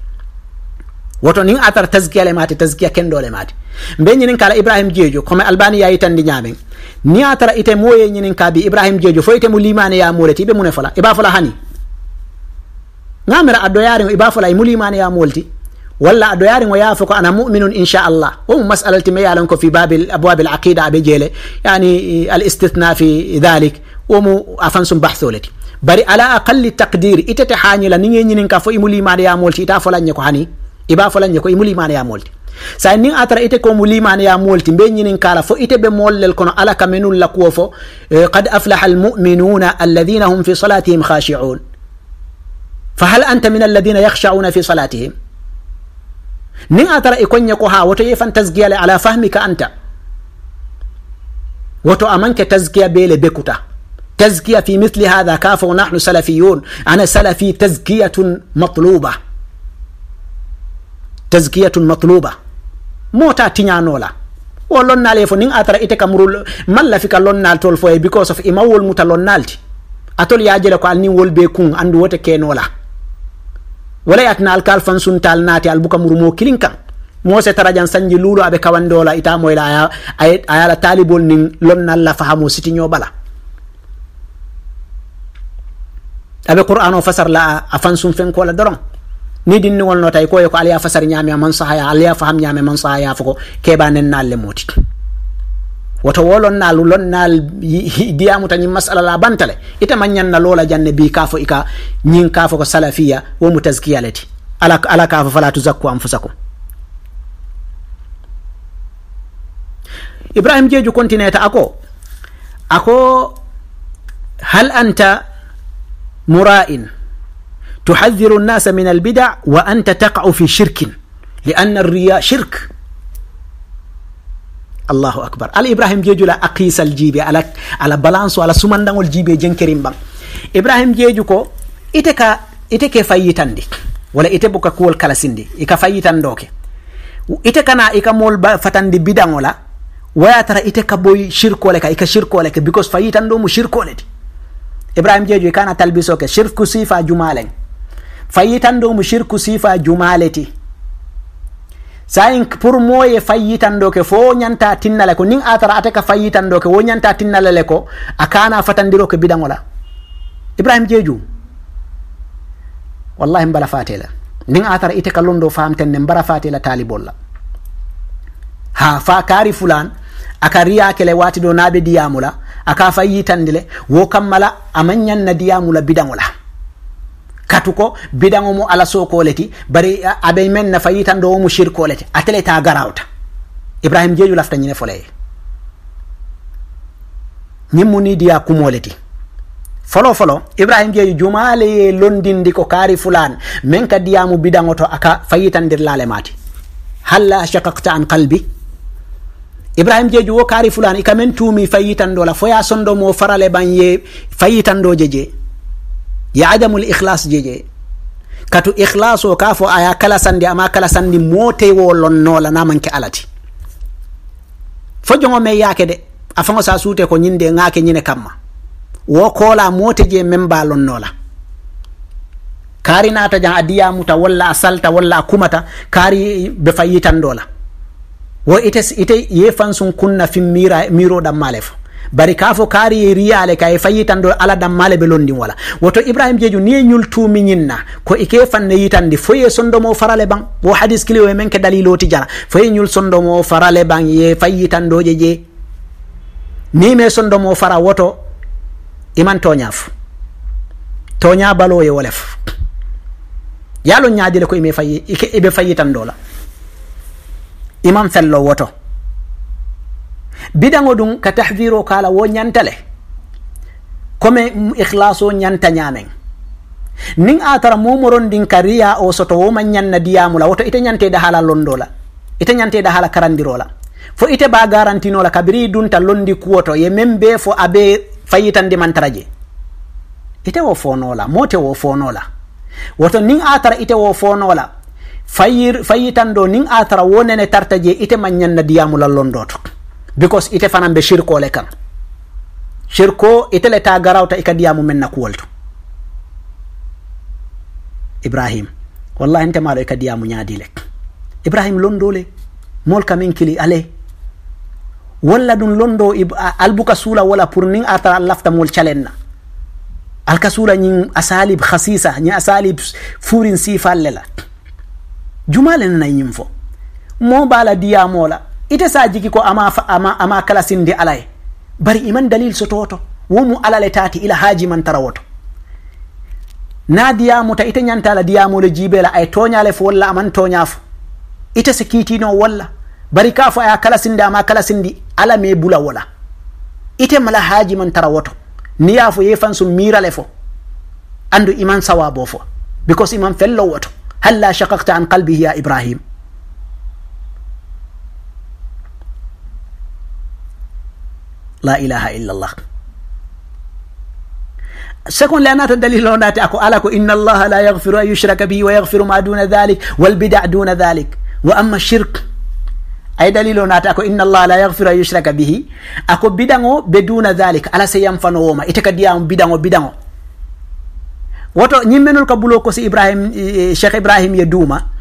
woto nin atara taskiya le mate taskiya kendole mate mbe ñinin kala ibrahim jeejo comme albani yayi tandi ñamen ni atara ite moye ñinin ka bi ibrahim jeejo fo ite mu limane ya moreti ibe mune fola iba fola hani ngamira addo yarin iba fola mu limane ya molti walla addo yarin o yaafo ko ana muminun inchallah womu masalal time yalan ko fi babil abwabi l aqida aɓe jeele yani al istithna fi dhalik womu afan sum bahsoleti bari ala aqalli taqdir itete hañila ni ŋe ñinin ka fo imu limane ya molti ita folanñe ko hani iba folan ye ko imuli man ya molti sa ni atara ite ko mulimani ya molti be ñinin kala fo ite be mollel kono ala kamenul la kuwo fo qad aflaha almuminuna alladina hum fi salatihim khashi'un fahal anta min alladina yakhsha'una fi salatihim nin atara i koñe ko ha wato yefan fan tasgiyale ala fahmika anta woto amanke tasgiya bele bekuta تزكية في مثل هذا كافو نحن سلفيون أنا سلفي تزكية مطلوبة tazkiyatun matluba mota tiñanola wo lonnale fo nin atara ite kamrul malla fika lonnal tol fo e because of wol muta lonnalti atol yajele ko alnin wol be kun andu wote kenola wala yatna alkal fan suntal naati albuka murumo kilin kan mose tarajan sanji lulo aɓe kawandola ita moyla a yala talibol nin lonnalla fahamo sitiño bala aɓe qur'an o fasarla a fan sun fenkola doron ni ɗin ni wonno tay ko ko alaya fasari man saha ya alaya faham man saha mansaha yaafo ko nal naalle mooti woto wolon naal lon naal diamu tañi masala la bantale ita mañanna loola janne bi kafo ika nyin kafo ko salafiya womu mutazkiya leti ala, ala kaafo fala tuzakku anfusakum ibrahim jeju kontineta ako ako hal anta mura'in تحذر الناس من البدع وأنت تقع في شرك لأن الرياء شرك الله أكبر على إبراهيم جيجو لا أقيس الجيبي على على بالانس وعلى سمان دانو الجيبي جنكرين بان إبراهيم جيجو كو إتكا إتكا فايتان دي ولا إتبوكا كول كالاسين إكا فايتان دوكي إتكا نا إكا مول فتان دي بدان ولا waya tara ite ka boy shirkoleka ika shirkoleke because fayitan ɗo mo shirkoledi إبراهيم جيجو كان talbisoke shirku sifa jumalen fayyitan ɗo mo shirku sifa jumaleti sa en pour moye fayyitanɗo ke fo ñanta tinnale ko nin atara ata ka fayyitanɗo ke wo ñanta tinnale le ko a kana fatandiro ke biɗangola ibrahima jeju wallahi mbala fatela nin atara ite kallunɗo famten ne mbara fatela talibolla ha fa kari fulan aka riyakele wati ɗo naɓe diyamula aka fayyitandi le wo kammala amañanna diyamula biɗangola katuko ko mu ala so ko leti bari aɓey men nafa shirko leti atele ta garawta ibrahim jeju lafta ñine foleye ñimmu ni diya kumoleti folo folo ibrahim jeju jumale ye londindi ko kari fulan men ka mu biɗaŋo to aka fayitandir lale mati halla shaqaqta an qalbi ibrahim jeju wo kari fulan ikamen tumi tuumi fayitandola la foya sondo mo farale ban ye fayitandoje je, je. yaadamu li ihlas jeje katu ihlas o ka fo aya kala sandi ama kala sandi motewo lonnola namanke alati fo jongo me yaake de a fango sa suute ko ñinde ŋaake ñine kamma wo koola moote je men ba lonnola kaari naata jan a diyamuta walla a salta walla a kumata kaari be fayitandola wo ite ite yefan sun kunna fin mira miroɗan male fo bari ka fo kaari ye riyale ka e ala dammale ɓe londin wala woto ibrahim jeju ni ñul e tumiñinna ko ike e fanne fo ye sondomo farale ban wo hadis kilio e men ke daliloti jala ye ñul sondomo farale ban ye fayitanɗoje je ni me sondomo fara woto iman toñaf toña baloye wolef yalo le ko ime fayi ike eɓe fayitanɗola iman fello woto biɗango ɗum ka tahdire o kala wo ñantale komi ihlas o ñanta ñamen nin atara momoron ndin ka riya o soto woma ñanna diyamula woto ita ñanteɗa haala londola ita ñanteɗa haala karandirola fo ite ba garantinola kabiri dunta londi kuwoto ye men be fo abe fayitande mantaraje ite wo fonola mote wo fonola woto nin atara ite wo fonola fayir fayitando nin atara wonene tarta je ite ma ñanna diyamula londoto because ite fanan be shirkole kan shirko ite le ta garawta ika diyamu men na kuwolto ibrahim wallahi nte maɗo ika diyamu le ibrahim londole molka min kili ale walla ɗum londo albuka suula wala pour nin atara lafta mol calenna alka suula ñin asalib hasisa ñin asalib furin sifalle la jumale nanayi ñin fo mo bala diyamola ite sa jigi ko ama, ama, ama kala sinde alaye bari iman dalil so toto womu alale tati ila haaji man tarawoto na diyamuta ite ñantala diyamole jibela aye toñale fo walla aman toñafo ite se kiitino walla bari ka fo aya kala sinde ama kala sindi ala me bula wola ite mala haaji man tarawoto niya fo yefan sum mirale fo andu iman sawabo fo because iman fellowoto halla shakakta an qalbihi ya ibrahima la ilaha illallah سكن لا نات دليل هنات أكو ألكو إن الله لا يغفر أن يشرك به ويغفر ما دون ذلك والبدع دون ذلك وأما الشرك أي دليل هنات أكو إن الله لا يغفر أن يشرك به أكو بدعو بدون ذلك ألا سينفن وما إتكديام بدعو بدعو woto ñimmenol ka bulo ko si ibrahim cheikh ibrahim ye duuma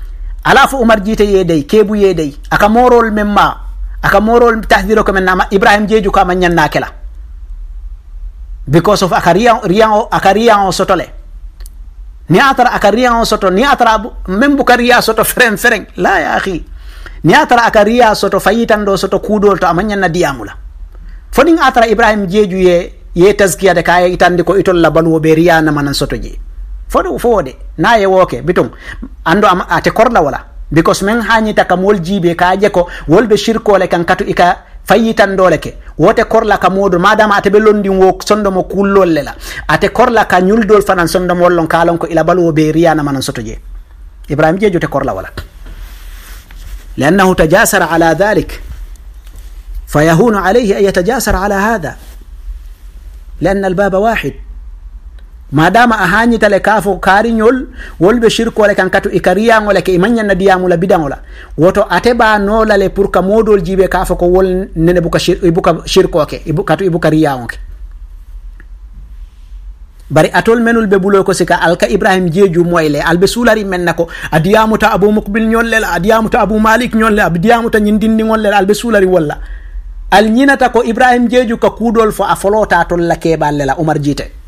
ala fo umar jiite yeeday keebu yeeday aka moorol men ma aka morol tahdiro ko men nama ibrahim jeju ko man nyanna kala because of akaria riyan akaria o sotole ni atara akaria o soto ni atara membu karia soto frem frem la ya akhi ni atara akaria soto fayitan do soto kudol to aman na diamula. foning atara ibrahim jeju ye ye tazkiya de kaya itandiko ko itolla wo be riya na manan soto je fodo fode na ye woke bitum ando am ate korla wala because men ha ñita kam wol jiibe ka je ko wolɓe shirkole kan katu ika fayyitandole ke wote korla ka muɗum madama ate ɓe londin wo sondomo kullolle la ate korla ka ñuldol fanan sondomo wollon kalon ko ila balwo be riyanamanan soto je ibrahima jeejo te korla wala liannahu tajasara ala dhalik fayahunu alayhi an yatajasara ala hada lianna albaba wahid madama a hañitale ka fo kaariñol wolɓe sirkole kan katu i kariyagole ke i mañanna diyamula bidaŋola woto ateɓa nolale pour ka modol jiɓe ka ko wol nene buka ibuka sirko ke katu ibuka riyaŋo ke bari atol menul be buloy ko sika alka ibrahim jeju moyle albe sulari men nako adiyamuta abou mukbil ñollela adiyamuta abou malik ñolle adiyamuta ñindindi ngollela albe sulari walla al ñinata ko ibrahim jeju ka kudol fo a folota tolla keɓal lela oumar jiite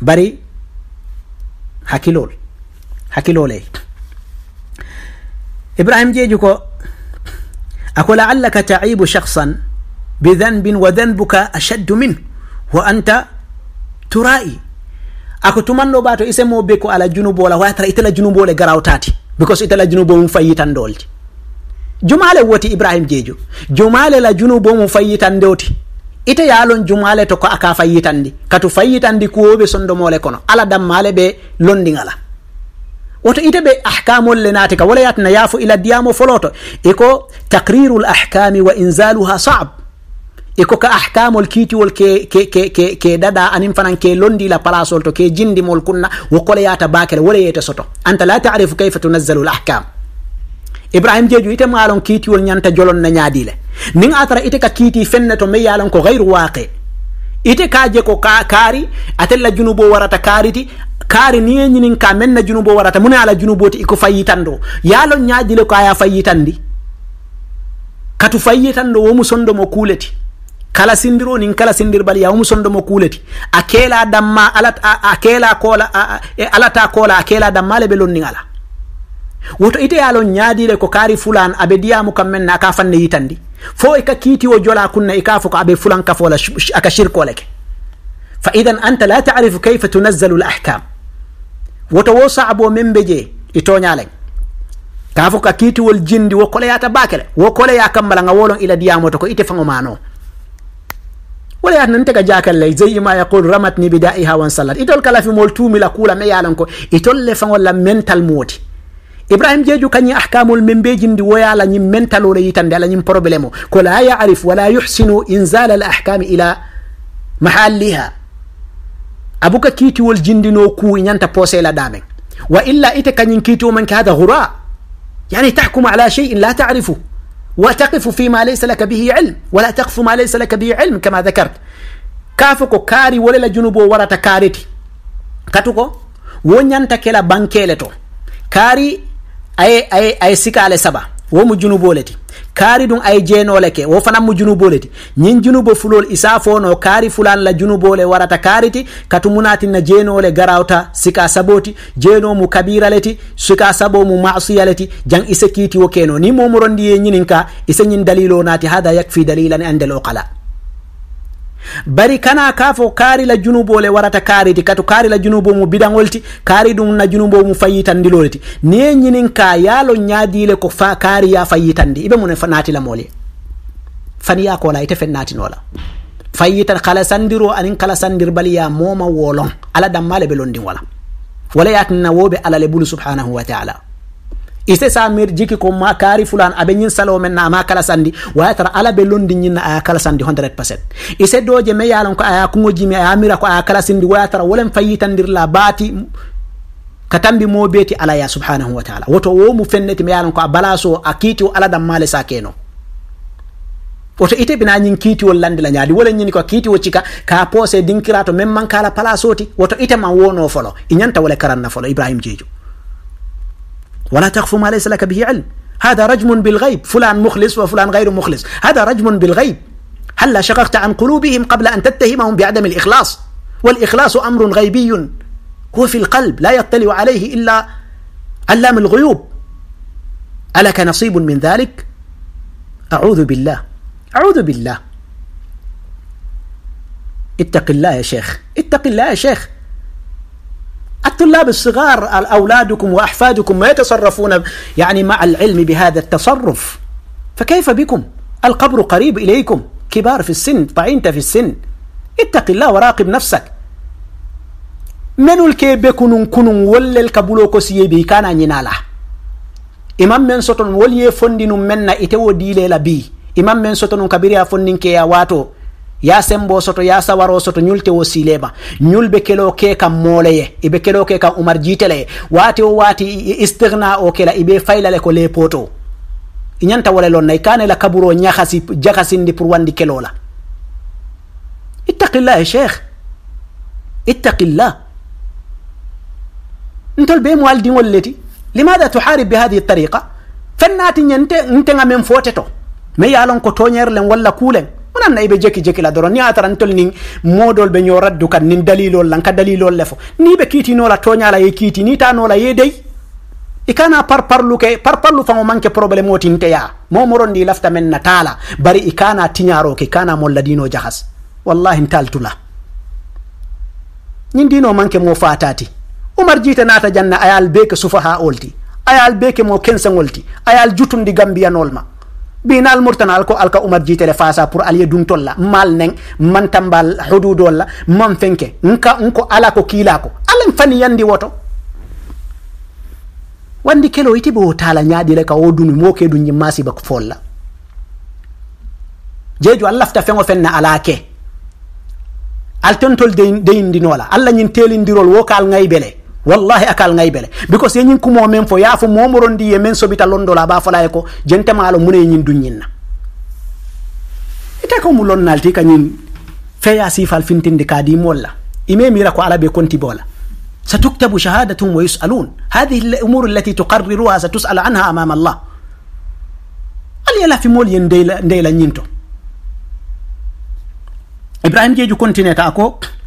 baree hakilol hakiloolee ibrahim jeju ko ako lacallaka taciibu shaksan bidanbin wadanbuka ashaddu minhu wa anta turaa'i ako tumanno baato ise mo beko ala junuboola waatara itela junuboole garaw taati because itela junubomum fayyitandoolti jumale woti ibrahim jeju jumale la junubo junubomum fayyitandewti ite ye lon jumale to ko aka fayyitandi katu fayyitandi kuwoɓe sondomole kono ala dammale ɓe londiŋala woto ite ɓe ahkamol le naati ka wala yatina yaafo ila diyamo foloto iko ko takriru ahkami wa inzaluha saab iko ka ahkamol kiitiwol ke, ke, ke, ke, ke dada anin fanan ke londila palasol to ke jindimol kunna wo kole yata bakele wala soto anta la tarifu kayfa tunazzalu ahkam ibrahim jeju ite maalon kiitiwol ñanta jolon na ñaadile nin atara ite ka kiiti fenne to me yalon ko gayru waaqe ite ka je ko ka kaari la junubo warata kaariti kaari ni ye ñinin ka men na junubo warata mune ala junubo ti iko fayyitando yalon ñaadile ko aya fayitandi katu fayitando womu sondomo kuuleti kala sindiro nin kala sindirbal yawomu sondomo kuuleti a keela damma alat a, a keela koola alata koola a damma dammale ɓe lonnin ala woto ite yalo ñaadire ko kaari fulan abe diyamu kam men aka fanne yitandi fo ika e kiiti wo jola kunna e ika fo ko abe fulan kafola aka shirkole ke fa idan anta la taarifu kayfa tunazzalu lahkam woto wo saabo men be je i e toñalen ka fo ka kiitiwol jindi wo koleyata bakele wo koleya kammala nga wolon ila to ko ite fango mano wala yata nan tega lay zey ima yaqul ramatni bidaiha wan sallat itol kala fi fimol tumila kula me yalan ko itol le fangolla mental moti ibrahim jeju kañi ahkamol men mbejindi woyala ñin mentalole yitande ala ñin probléme o ko la yarif wala yuhsinu insala al ahkami ila mahalliha abuka kiitiwol jindino ku ñanta posela ɗamen wa illa ite kañin kiitio manke hada hura yani tahkumu ala cheyin la tarifu وتقف فيما ليس لك به علم ولا تقف ما ليس لك به علم كما ذكرت كافكو كاري ولا جنوب ورا تكاريتي كاتوكو wonyanta kela bankele to kaari ay ay sikaale saba wo mu junuboole ti kaari ɗum ay jeenoole ke wo fanan mu junuboole ti ñin junubo fulol isa fono kaari fulan la junuboole warata kaari ti katu munatinna jeenoole garawta sika sabo ti jeenomu kabirale ti sika sabo mu masiyale ti jang isa kiiti wo keno ni momorondiye ñinin ka isa ñin dalilo naati hada yak fi dalila ni andelo kala bari kana ka fo kaarila junubo le warata kaariti kato kaarila junubo mo bidaŋolti kaari ɗum na junubo mo fayitandiloleti ni e ñinin ka yaalo ñaadile ko fa kaari ya fayitandi iɓe mune natilamole faniya kola ite fen natinola fayita kala sandir o anin kala sandir bali ya moma wolon ala dammale ɓe londin wala wala yatinna woɓe alale ɓulu subhanahu wa taala ise samir jiki ko ma kari fulan abe ñin salo men na ma kala sandi wa tara ala be londi nyin aya kala sandi 100% ise doje me yalan ko aya kungo jimi aya mira ko aya kala sindi wa tara wolen fayitandir la bati katambi mo beti ala ya subhanahu wa ta'ala woto wo mu fenneti me yalan ko balaso akiti ala dam male sakeno woto ite bina ñin kiitiwol lande la ñaadi wala ñini ko kiitiwo cika ka poose dinkirato même kala pala woto ite man wono folo i ñanta wala karanna folo ibrahim jeejo ولا تخف ما ليس لك به علم هذا رجم بالغيب فلان مخلص وفلان غير مخلص هذا رجم بالغيب هلا شققت عن قلوبهم قبل أن تتهمهم بعدم الإخلاص والإخلاص أمر غيبي هو في القلب لا يطلع عليه إلا علام الغيوب ألك نصيب من ذلك أعوذ بالله أعوذ بالله اتق الله يا شيخ اتق الله يا شيخ الطلاب الصغار أولادكم وأحفادكم ما يتصرفون يعني مع العلم بهذا التصرف فكيف بكم القبر قريب إليكم كبار في السن طعنت في السن اتق الله وراقب نفسك من الكيب كنون كنون ولا كسي بي كان ينالا إمام من سطن ولي فندن من إتو ديلي لبي إمام من سطن كبير يا فندن كي fondinkeya wato ya sembo soto ya sawaro soto nyulte wo sileba nyulbe kelo ke kam moleye ibe kelo ke kam umar jitele wati o wati istighna o kela ibe fayla le ko le poto inyanta wala lon nay kane la kaburo ñaxasi jaxasindi pour wandi kelo la ittaqillah cheikh ittaqillah ntol be mo aldi leti limada tuharib bi hadihi tariqa fennati nyante nteŋa men fote to mais ye ko toñere len walla kuulen taran na ibe jeki jeki la doron niya taran tol modol be ñoraddu kan nin dalilol lan ka dalilol le ni be kiitinola toñala ye kiiti ni tanola ye dey i kana parparlu ke parparlu faŋo maŋ ke problème o tinteya momorondi lafta men na taala bari i kana ke kana molla dino jahas wallahi ntal tula dino maŋ mo fatati umar jiite naata janna ayal beke sufaha olti ayal beke mo kenseŋol ti ayal jutundi gambiyanol ma ɓinal murtanal ko alka umar jitere fasa pour alye dum tolla mal nen mantambal hududolla man fenke nka nko ala ko kila ko alan fani yandi woto wandi kelo iti bo tala ñaɗire ka o dumi mo ke du yimmasiba ko folla jeju allah fta fengo fenna ala ke altentol deyindinola allah ñin telindirol wo kal ngay bele wallahi akal ngay bele because yeñin kumo men fo yafo momorondi ye men sobita londola ba falaye ko jentemalo mune ñin duñinna ite ko mu lonnalti kañin feya sifal fintinde kadi molla ime mira ko ala be konti bola ستكتب شهادتهم ويسألون هذه الأمور التي تقررها ستسأل عنها أمام الله قال يلا في مول ينديل نينتو إبراهيم جيجو كنت نتاكو